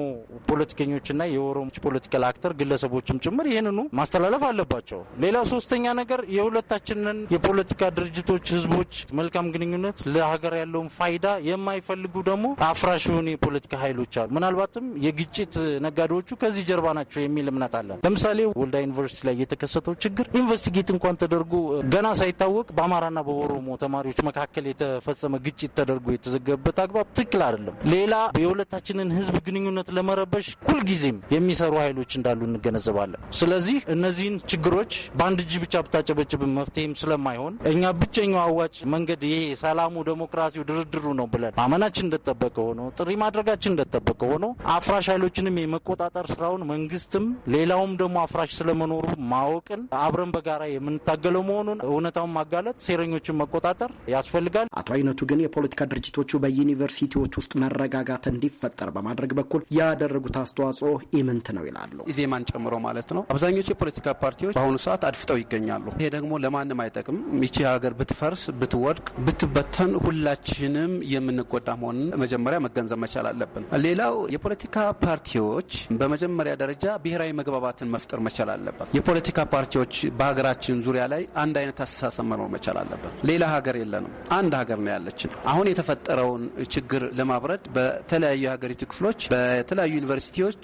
ፖለቲከኞችና የኦሮ የኦሮሞ ፖለቲካል አክተር ግለሰቦችም ጭምር ይህንኑ ማስተላለፍ አለባቸው። ሌላው ሶስተኛ ነገር የሁለታችንን የፖለቲካ ድርጅቶች፣ ህዝቦች መልካም ግንኙነት ለሀገር ያለውን ፋይዳ የማይፈልጉ ደግሞ አፍራሽ የሆኑ የፖለቲካ ኃይሎች አሉ። ምናልባትም የግጭት ነጋዴዎቹ ከዚህ ጀርባ ናቸው የሚል እምነት አለ። ለምሳሌ ወልዳ ዩኒቨርሲቲ ላይ የተከሰተው ችግር ኢንቨስቲጌት እንኳን ተደርጎ ገና ሳይታወቅ በአማራና በኦሮሞ ተማሪዎች መካከል የተፈጸመ ግጭት ተደርጎ የተዘገበበት አግባብ ትክክል አይደለም። ሌላ የሁለታችንን ህዝብ ግንኙነት ለመረበሽ ሁልጊዜም የሚ የሚሰሩ ኃይሎች እንዳሉ እንገነዘባለን። ስለዚህ እነዚህን ችግሮች በአንድ እጅ ብቻ ብታጨበጭብ መፍትሄም ስለማይሆን እኛ ብቸኛው አዋጭ መንገድ ይሄ ሰላሙ፣ ዴሞክራሲው፣ ድርድሩ ነው ብለን ማመናችን እንደጠበቀ ሆኖ ጥሪ ማድረጋችን እንደጠበቀ ሆኖ አፍራሽ ኃይሎችንም የመቆጣጠር ስራውን መንግስትም ሌላውም ደግሞ አፍራሽ ስለመኖሩ ማወቅን አብረን በጋራ የምንታገለው መሆኑን እውነታውን ማጋለጥ፣ ሴረኞችን መቆጣጠር ያስፈልጋል። አቶ አይነቱ ግን የፖለቲካ ድርጅቶቹ በዩኒቨርሲቲዎች ውስጥ መረጋጋት እንዲፈጠር በማድረግ በኩል ያደረጉት አስተዋጽኦ ኢምን ስምንት ነው ይላሉ። ኢዜማን ጨምሮ ማለት ነው። አብዛኞቹ የፖለቲካ ፓርቲዎች በአሁኑ ሰዓት አድፍጠው ይገኛሉ። ይሄ ደግሞ ለማንም አይጠቅም። ይቺ ሀገር ብትፈርስ፣ ብትወድቅ፣ ብትበተን ሁላችንም የምንጎዳ መሆኑን መጀመሪያ መገንዘብ መቻል አለብን። ሌላው የፖለቲካ ፓርቲዎች በመጀመሪያ ደረጃ ብሔራዊ መግባባትን መፍጠር መቻል አለበት። የፖለቲካ ፓርቲዎች በሀገራችን ዙሪያ ላይ አንድ አይነት አስተሳሰብ መኖር መቻል አለበት። ሌላ ሀገር የለንም፣ አንድ ሀገር ነው ያለችን። አሁን የተፈጠረውን ችግር ለማብረድ በተለያዩ የሀገሪቱ ክፍሎች በተለያዩ ዩኒቨርሲቲዎች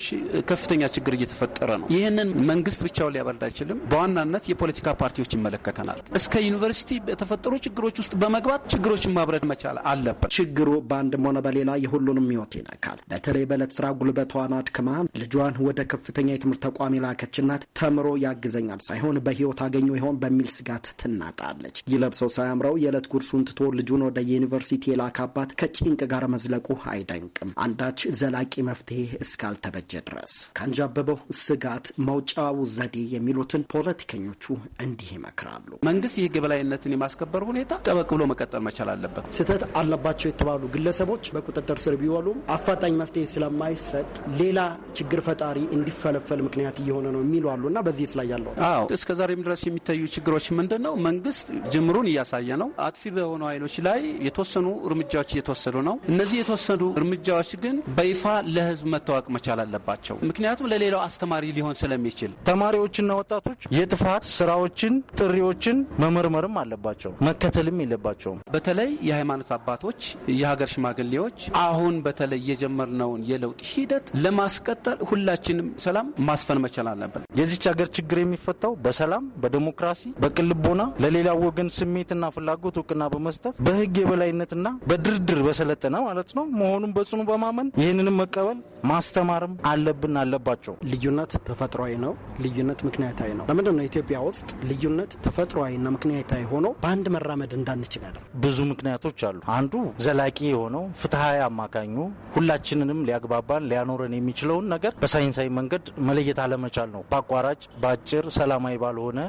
ከፍ ከፍተኛ ችግር እየተፈጠረ ነው። ይህንን መንግስት ብቻውን ሊያበርድ አይችልም። በዋናነት የፖለቲካ ፓርቲዎች ይመለከተናል። እስከ ዩኒቨርሲቲ በተፈጠሩ ችግሮች ውስጥ በመግባት ችግሮችን ማብረድ መቻል አለበት። ችግሩ በአንድም ሆነ በሌላ የሁሉንም ህይወት ይነካል። በተለይ በዕለት ስራ ጉልበቷን አድክማ ልጇን ወደ ከፍተኛ የትምህርት ተቋም የላከች እናት ተምሮ ያግዘኛል ሳይሆን በህይወት አገኘ ይሆን በሚል ስጋት ትናጣለች። ይለብሰው ሳያምረው የዕለት ጉርሱን ትቶ ልጁን ወደ ዩኒቨርሲቲ የላከ አባት ከጭንቅ ጋር መዝለቁ አይደንቅም። አንዳች ዘላቂ መፍትሄ እስካልተበጀ ድረስ ካንጃበበው ስጋት መውጫው ዘዴ የሚሉትን ፖለቲከኞቹ እንዲህ ይመክራሉ። መንግስት የህግ የበላይነትን የማስከበር ሁኔታ ጠበቅ ብሎ መቀጠል መቻል አለበት። ስህተት አለባቸው የተባሉ ግለሰቦች በቁጥጥር ስር ቢወሉም አፋጣኝ መፍትሄ ስለማይሰጥ ሌላ ችግር ፈጣሪ እንዲፈለፈል ምክንያት እየሆነ ነው የሚሉ አሉ እና በዚህ ላይ ያለው አዎ፣ እስከ ዛሬም ድረስ የሚታዩ ችግሮች ምንድን ነው? መንግስት ጅምሩን እያሳየ ነው። አጥፊ በሆኑ ኃይሎች ላይ የተወሰኑ እርምጃዎች እየተወሰዱ ነው። እነዚህ የተወሰዱ እርምጃዎች ግን በይፋ ለህዝብ መታወቅ መቻል አለባቸው። ምክንያቱም ለሌላው አስተማሪ ሊሆን ስለሚችል ተማሪዎችና ወጣቶች የጥፋት ስራዎችን፣ ጥሪዎችን መመርመርም አለባቸው መከተልም የለባቸውም። በተለይ የሃይማኖት አባቶች፣ የሀገር ሽማግሌዎች አሁን በተለይ የጀመርነውን የለውጥ ሂደት ለማስቀጠል ሁላችንም ሰላም ማስፈን መቻል አለብን። የዚች ሀገር ችግር የሚፈታው በሰላም በዲሞክራሲ በቅልቦና ለሌላ ወገን ስሜትና ፍላጎት እውቅና በመስጠት በህግ የበላይነትና በድርድር በሰለጠነ ማለት ነው መሆኑን በጽኑ በማመን ይህንንም መቀበል ማስተማርም አለብን አለ አለባቸው። ልዩነት ተፈጥሯዊ ነው። ልዩነት ምክንያታዊ ነው። ለምንድን ነው ኢትዮጵያ ውስጥ ልዩነት ተፈጥሯዊና ምክንያታዊ ሆኖ በአንድ መራመድ እንዳንችላለን? ብዙ ምክንያቶች አሉ። አንዱ ዘላቂ የሆነው ፍትሐዊ አማካኙ ሁላችንንም ሊያግባባን ሊያኖረን የሚችለውን ነገር በሳይንሳዊ መንገድ መለየት አለመቻል ነው። በአቋራጭ በአጭር ሰላማዊ ባልሆነ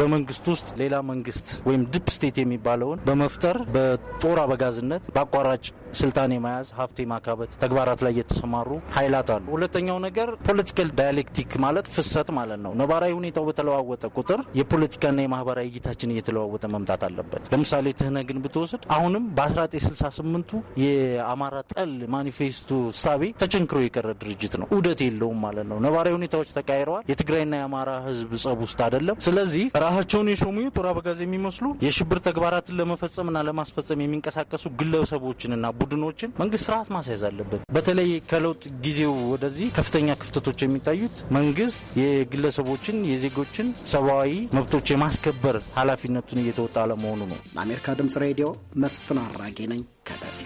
በመንግስት ውስጥ ሌላ መንግስት ወይም ድፕ ስቴት የሚባለውን በመፍጠር በጦር አበጋዝነት በአቋራጭ ስልጣን የመያዝ ሀብት ማካበት ተግባራት ላይ የተሰማሩ ኃይላት አሉ። ሁለተኛው ነገር ፖለቲካል ዳያሌክቲክ ማለት ፍሰት ማለት ነው። ነባራዊ ሁኔታው በተለዋወጠ ቁጥር የፖለቲካና የማህበራዊ እይታችን እየተለዋወጠ መምጣት አለበት። ለምሳሌ ትህነግን ብትወስድ አሁንም በ1968ቱ የአማራ ጠል ማኒፌስቶ ሳቤ ተቸንክሮ የቀረ ድርጅት ነው። ውደት የለውም ማለት ነው። ነባራዊ ሁኔታዎች ተቃይረዋል። የትግራይና የአማራ ህዝብ ጸብ ውስጥ አይደለም። ስለዚህ ራሳቸውን የሾሙ ጦር አበጋዝ የሚመስሉ የሽብር ተግባራትን ለመፈጸምና ለማስፈጸም የሚንቀሳቀሱ ግለሰቦችንና ቡድኖችን መንግስት ስርዓት ማስያዝ አለበት። በተለይ ከለውጥ ጊዜው ወደዚህ ከፍተኛ ክፍ ክፍተቶች የሚታዩት መንግስት የግለሰቦችን የዜጎችን ሰብአዊ መብቶች የማስከበር ኃላፊነቱን እየተወጣ ለመሆኑ ነው። ለአሜሪካ ድምጽ ሬዲዮ መስፍን አራጌ ነኝ ከደሴ።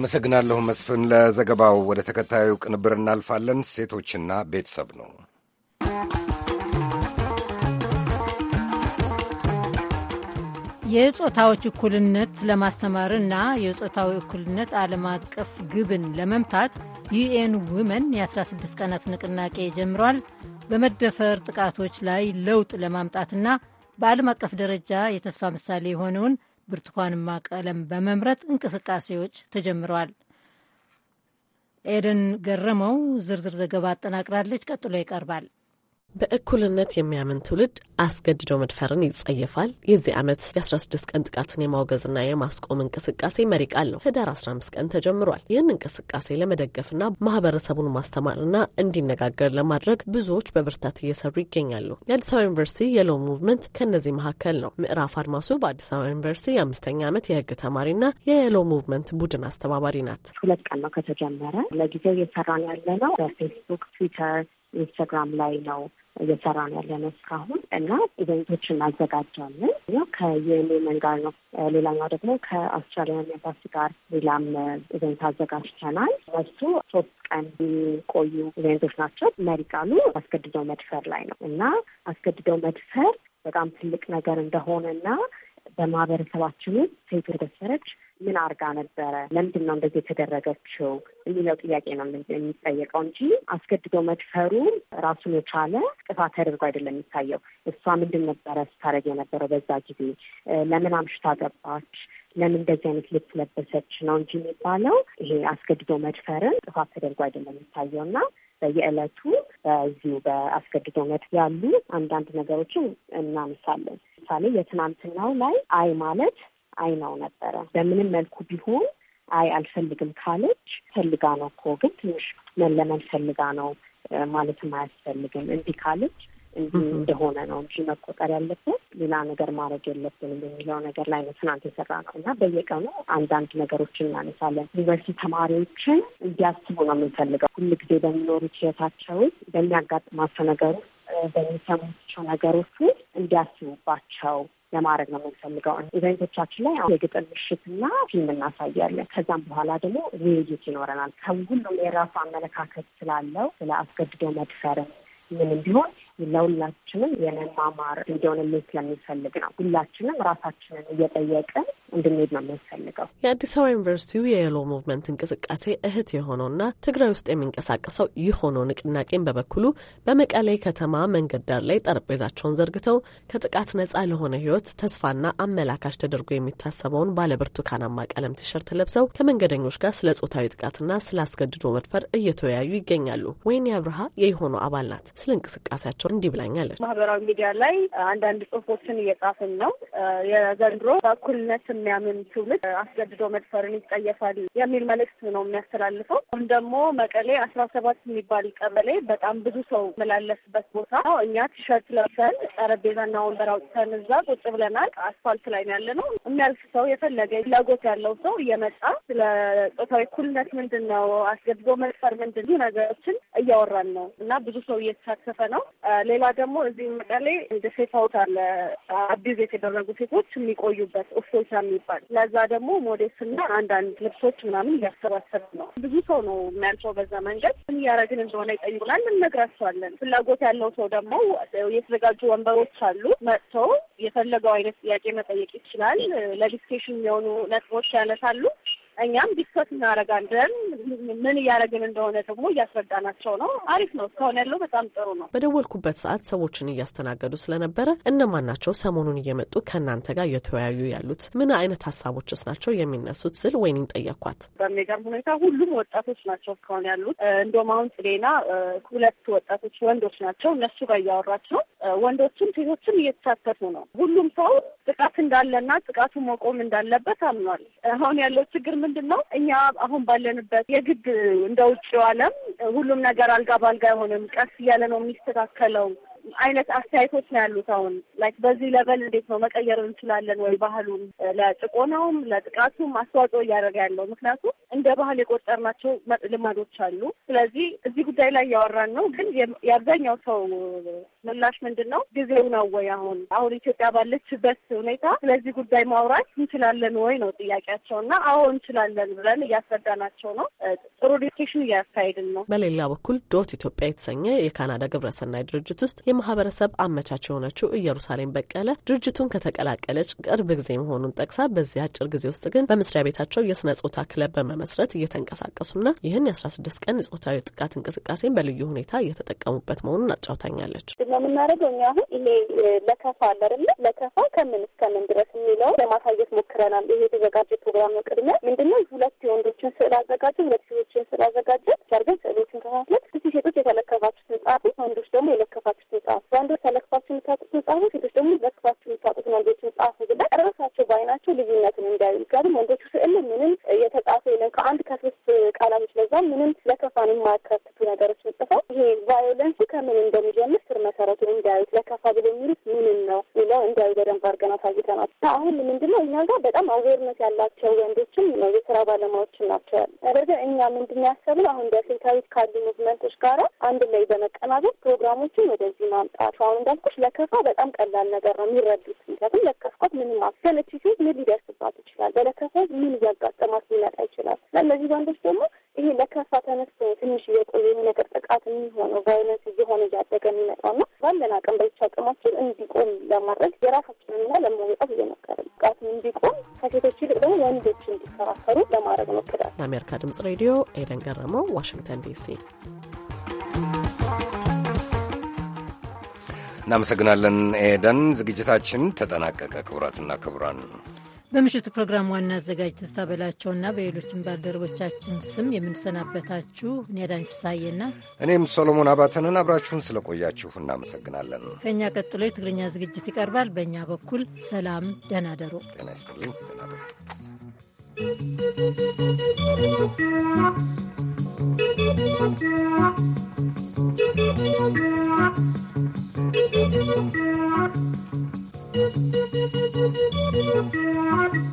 አመሰግናለሁ መስፍን ለዘገባው። ወደ ተከታዩ ቅንብር እናልፋለን። ሴቶችና ቤተሰብ ነው። የጾታዎች እኩልነት ለማስተማርና የጾታዊ እኩልነት ዓለም አቀፍ ግብን ለመምታት ዩኤን ውመን የ16 ቀናት ንቅናቄ ጀምሯል። በመደፈር ጥቃቶች ላይ ለውጥ ለማምጣትና በዓለም አቀፍ ደረጃ የተስፋ ምሳሌ የሆነውን ብርቱካንማ ቀለም በመምረጥ እንቅስቃሴዎች ተጀምረዋል። ኤደን ገረመው ዝርዝር ዘገባ አጠናቅራለች። ቀጥሎ ይቀርባል። በእኩልነት የሚያምን ትውልድ አስገድዶ መድፈርን ይጸየፋል። የዚህ ዓመት የ16 ቀን ጥቃትን የማውገዝና የማስቆም እንቅስቃሴ መሪ ቃል ነው። ህዳር 15 ቀን ተጀምሯል። ይህን እንቅስቃሴ ለመደገፍና ማህበረሰቡን ማስተማርና እንዲነጋገር ለማድረግ ብዙዎች በብርታት እየሰሩ ይገኛሉ። የአዲስ አበባ ዩኒቨርሲቲ የሎ ሙቭመንት ከእነዚህ መካከል ነው። ምዕራፍ አድማሱ በአዲስ አበባ ዩኒቨርሲቲ የአምስተኛ ዓመት የህግ ተማሪና የሎ ሙቭመንት ቡድን አስተባባሪ ናት። ሁለት ቀን ነው ከተጀመረ። ለጊዜው እየሰራን ያለ ነው በፌስቡክ ትዊተር ኢንስታግራም ላይ ነው እየሰራ እየሰራን ያለነው እስካሁን እና ኢቨንቶች እናዘጋጃለን። ያው ከዩኤንኤምን ጋር ነው። ሌላኛው ደግሞ ከአውስትራሊያን ኤምባሲ ጋር ሌላም ኢቨንት አዘጋጅተናል። እነሱ ሶስት ቀን የሚቆዩ ኢቨንቶች ናቸው። መሪ ቃሉ አስገድደው መድፈር ላይ ነው እና አስገድደው መድፈር በጣም ትልቅ ነገር እንደሆነና በማህበረሰባችን ውስጥ ሴት ወደሰረች ምን አርጋ ነበረ፣ ለምንድን ነው እንደዚህ የተደረገችው የሚለው ጥያቄ ነው የሚጠየቀው እንጂ አስገድዶ መድፈሩ ራሱን የቻለ ጥፋት ተደርጎ አይደለም የሚታየው። እሷ ምንድን ነበረ ስታደርግ የነበረው በዛ ጊዜ፣ ለምን አምሽታ ገባች፣ ለምን እንደዚህ አይነት ልብስ ለበሰች ነው እንጂ የሚባለው ይሄ አስገድዶ መድፈርን ጥፋት ተደርጎ አይደለም የሚታየው እና በየዕለቱ በዚሁ በአስገድዶ መድፈር ያሉ አንዳንድ ነገሮችን እናነሳለን። ለምሳሌ የትናንትናው ላይ አይ ማለት ነው ነበረ። በምንም መልኩ ቢሆን አይ አልፈልግም ካለች ፈልጋ ነው እኮ ግን ትንሽ መለመን ፈልጋ ነው ማለትም አያስፈልግም። እንዲህ ካለች እንዲህ እንደሆነ ነው እንጂ መቆጠር ያለብን ሌላ ነገር ማድረግ የለብንም የሚለው ነገር ላይ ነው ትናንት የሰራ ነው እና በየቀኑ አንዳንድ ነገሮችን እናነሳለን። ዩኒቨርሲቲ ተማሪዎችን እንዲያስቡ ነው የምንፈልገው። ሁሉ ጊዜ በሚኖሩት ህይወታቸው በሚያጋጥማቸው ነገሮች በሚሰሙቸው ነገሮች ውስጥ እንዲያስቡባቸው ለማድረግ ነው የምንፈልገው። ኢቨንቶቻችን ላይ አሁን የግጥም ምሽትና ፊልም እናሳያለን። ከዛም በኋላ ደግሞ ውይይት ይኖረናል። ከሁሉም የራሱ አመለካከት ስላለው ስለ አስገድዶ መድፈርም ምን ቢሆን ለሁላችንም የመማማር እንዲሆን ስለሚፈልግ ነው። ሁላችንም ራሳችንን እየጠየቅን እንድንሄድ ነው የሚያስፈልገው። የአዲስ አበባ ዩኒቨርሲቲው የየሎ ሙቭመንት እንቅስቃሴ እህት የሆነውና ትግራይ ውስጥ የሚንቀሳቀሰው ይህ ንቅናቄን በበኩሉ በመቀሌ ከተማ መንገድ ዳር ላይ ጠረጴዛቸውን ዘርግተው ከጥቃት ነጻ ለሆነ ህይወት ተስፋና አመላካች ተደርጎ የሚታሰበውን ባለብርቱካናማ ቀለም ቲሸርት ለብሰው ከመንገደኞች ጋር ስለ ጾታዊ ጥቃትና ስለ አስገድዶ መድፈር እየተወያዩ ይገኛሉ። ወይኒ አብርሃ የይሆኑ አባል ናት። ስለ እንቅስቃሴያቸው እንዲህ ብላኛለች። ማህበራዊ ሚዲያ ላይ አንዳንድ ጽሁፎችን እየጻፍን ነው። የዘንድሮ በእኩልነት የሚያምን ትውልድ አስገድዶ መድፈርን ይጠየፋል የሚል መልእክት ነው የሚያስተላልፈው። አሁን ደግሞ መቀሌ አስራ ሰባት የሚባል ቀበሌ በጣም ብዙ ሰው መላለስበት ቦታ እኛ ቲሸርት ለብሰን ጠረጴዛና ወንበር አውጥተን እዛ ቁጭ ብለናል። አስፋልት ላይ ያለ ነው። የሚያልፍ ሰው የፈለገ ፍላጎት ያለው ሰው እየመጣ ስለ ጾታዊ እኩልነት ምንድን ነው፣ አስገድዶ መድፈር ምንድን ነገሮችን እያወራን ነው እና ብዙ ሰው እየተሳተፈ ነው። ሌላ ደግሞ እዚህ መቀሌ እንደ ሴፍ አውት አለ አቢዝ የተደረጉ ሴቶች የሚቆዩበት እፎይታ የሚባል ለዛ ደግሞ ሞዴስና አንዳንድ ልብሶች ምናምን እያሰባሰብ ነው። ብዙ ሰው ነው የሚያልፈው በዛ መንገድ። ምን እያደረግን እንደሆነ ይጠይቁናል፣ እንነግራቸዋለን። ፍላጎት ያለው ሰው ደግሞ የተዘጋጁ ወንበሮች አሉ፣ መጥተው የፈለገው አይነት ጥያቄ መጠየቅ ይችላል። ለዲስኬሽን የሚሆኑ ነጥቦች ያነሳሉ። እኛም ዲስከስ እናደርጋለን። ምን እያደረግን እንደሆነ ደግሞ እያስረዳናቸው ነው። አሪፍ ነው። እስካሁን ያለው በጣም ጥሩ ነው። በደወልኩበት ሰዓት ሰዎችን እያስተናገዱ ስለነበረ እነማን ናቸው ሰሞኑን እየመጡ ከእናንተ ጋር እየተወያዩ ያሉት? ምን አይነት ሀሳቦችስ ናቸው የሚነሱት ስል ወይኒን ጠየኳት። በሚገርም ሁኔታ ሁሉም ወጣቶች ናቸው እስካሁን ያሉት። እንደውም አሁን ጽሌና ሁለት ወጣቶች ወንዶች ናቸው። እነሱ ጋር እያወራች ነው። ወንዶችም ሴቶችም እየተሳተፉ ነው። ሁሉም ሰው ጥቃት እንዳለና ጥቃቱ መቆም እንዳለበት አምኗል። አሁን ያለው ችግር ምን ምንድን ነው እኛ አሁን ባለንበት የግድ እንደ ውጭው ዓለም ሁሉም ነገር አልጋ ባልጋ አይሆንም። ቀስ እያለ ነው የሚስተካከለው አይነት አስተያየቶች ነው ያሉት። አሁን ላይክ በዚህ ለበል እንዴት ነው መቀየር እንችላለን ወይ ባህሉን ለጭቆናውም ለጥቃቱም አስተዋጽኦ እያደረገ ያለው ምክንያቱም እንደ ባህል የቆጠርናቸው ልማዶች አሉ። ስለዚህ እዚህ ጉዳይ ላይ እያወራን ነው። ግን የአብዛኛው ሰው ምላሽ ምንድን ነው? ጊዜው ነው ወይ አሁን አሁን ኢትዮጵያ ባለችበት ሁኔታ ስለዚህ ጉዳይ ማውራት እንችላለን ወይ ነው ጥያቄያቸው እና አዎ እንችላለን ብለን እያስረዳናቸው ነው። ጥሩ ዲስኬሽን እያካሄድን ነው። በሌላ በኩል ዶት ኢትዮጵያ የተሰኘ የካናዳ ግብረሰናይ ድርጅት ውስጥ የማህበረሰብ አመቻች የሆነችው ኢየሩሳሌም በቀለ ድርጅቱን ከተቀላቀለች ቅርብ ጊዜ መሆኑን ጠቅሳ በዚህ አጭር ጊዜ ውስጥ ግን በመስሪያ ቤታቸው የስነ ጾታ ክለብ በመመስረት እየተንቀሳቀሱና ይህን የአስራ ስድስት ቀን የጾታዊ ጥቃት እንቅስቃሴን በልዩ ሁኔታ እየተጠቀሙበት መሆኑን አጫውታኛለች። ነው የምናደርገው እኛ አሁን ይሄ ለከፋ አለ አይደለ? ለከፋ ከምን እስከምን ድረስ የሚለውን ለማሳየት ሞክረናል። ይሄ የተዘጋጀ ፕሮግራም ነው። ቅድሚያ ምንድነው ሁለት የወንዶችን ስዕል አዘጋጀ፣ ሁለት ሴቶችን ስዕል አዘጋጀ። ሰርገን ስዕሎችን ከፋፍለት ስቲ ሴቶች የተለከፋችሁትን ጻፉ፣ ወንዶች ደግሞ የለከፋችሁትን ጻፉ፣ ወንዶች ተለክፋችሁ የምታውቁትን ጻፉ፣ ሴቶች ደግሞ ለክፋችሁ የምታውቁትን ወንዶችን ጻፉ ብለን ራሳቸው በአይናቸው ልዩነትን እንዲያዩ ምክንያቱም ወንዶቹ ስዕል ምንም የተጻፈ የለም ከአንድ ከሶስት ቃላቶች ለዛ ምንም ለከፋን የማያካትቱ ነገሮች መጽፈው ይሄ ቫዮለንሱ ከምን እንደሚጀምር ስር መሰረቱ እንዳዩት ለከፋ ብሎ የሚሉት ምንም ነው ብለው እንዳዩ በደንብ አድርገን አሳይተናል። እና አሁን ምንድነው እኛ ጋር በጣም አዌርነት ያላቸው ወንዶችም የስራ ባለሙያዎችን ናቸው ያሉ። ነገር ግን እኛ ምንድን ያሰብን አሁን በሴታዊት ካሉ ሙቭመንቶች ጋራ አንድ ላይ በመቀናበር ፕሮግራሞችን ወደዚህ ማምጣት። አሁን እንዳልኩሽ ለከፋ በጣም ቀላል ነገር ነው የሚረዱት። ምክንያቱም ለከፋት ምንም አስገለች ሴት ምን ሊደርስባት ይችላል? በለከፋ ምን እያጋጠማት ሊመጣ ይችላል? እና ወንዶች ደግሞ ይሄ ለከፋ ተነስቶ ትንሽ እየቆየ የሆነ ነገር ጥቃት የሚሆነው ቫይለንስ እየሆነ እያደገ የሚመጣው ና ባለን አቅም በተቻለ አቅማችን እንዲቆም ለማድረግ የራሳችንን ሚና ለመወጣት እየሞከረ ጥቃቱ እንዲቆም ከሴቶች ይልቅ ደግሞ ወንዶች እንዲከራከሩ ለማድረግ ሞክዳል። ለአሜሪካ ድምጽ ሬዲዮ ኤደን ገረመው፣ ዋሽንግተን ዲሲ። እናመሰግናለን ኤደን። ዝግጅታችን ተጠናቀቀ። ክቡራትና ክቡራን በምሽቱ ፕሮግራም ዋና አዘጋጅ ትስታ በላቸውና በሌሎችም ባልደረቦቻችን ስም የምንሰናበታችሁ እኔ ኔዳኝ ፍሳዬና እኔም ሶሎሞን አባተንን አብራችሁን ስለቆያችሁ እናመሰግናለን። ከእኛ ቀጥሎ የትግርኛ ዝግጅት ይቀርባል። በእኛ በኩል ሰላም፣ ደህና ደሩ። ጤና ይስጥልኝ። ደህና ደሩ። Haa?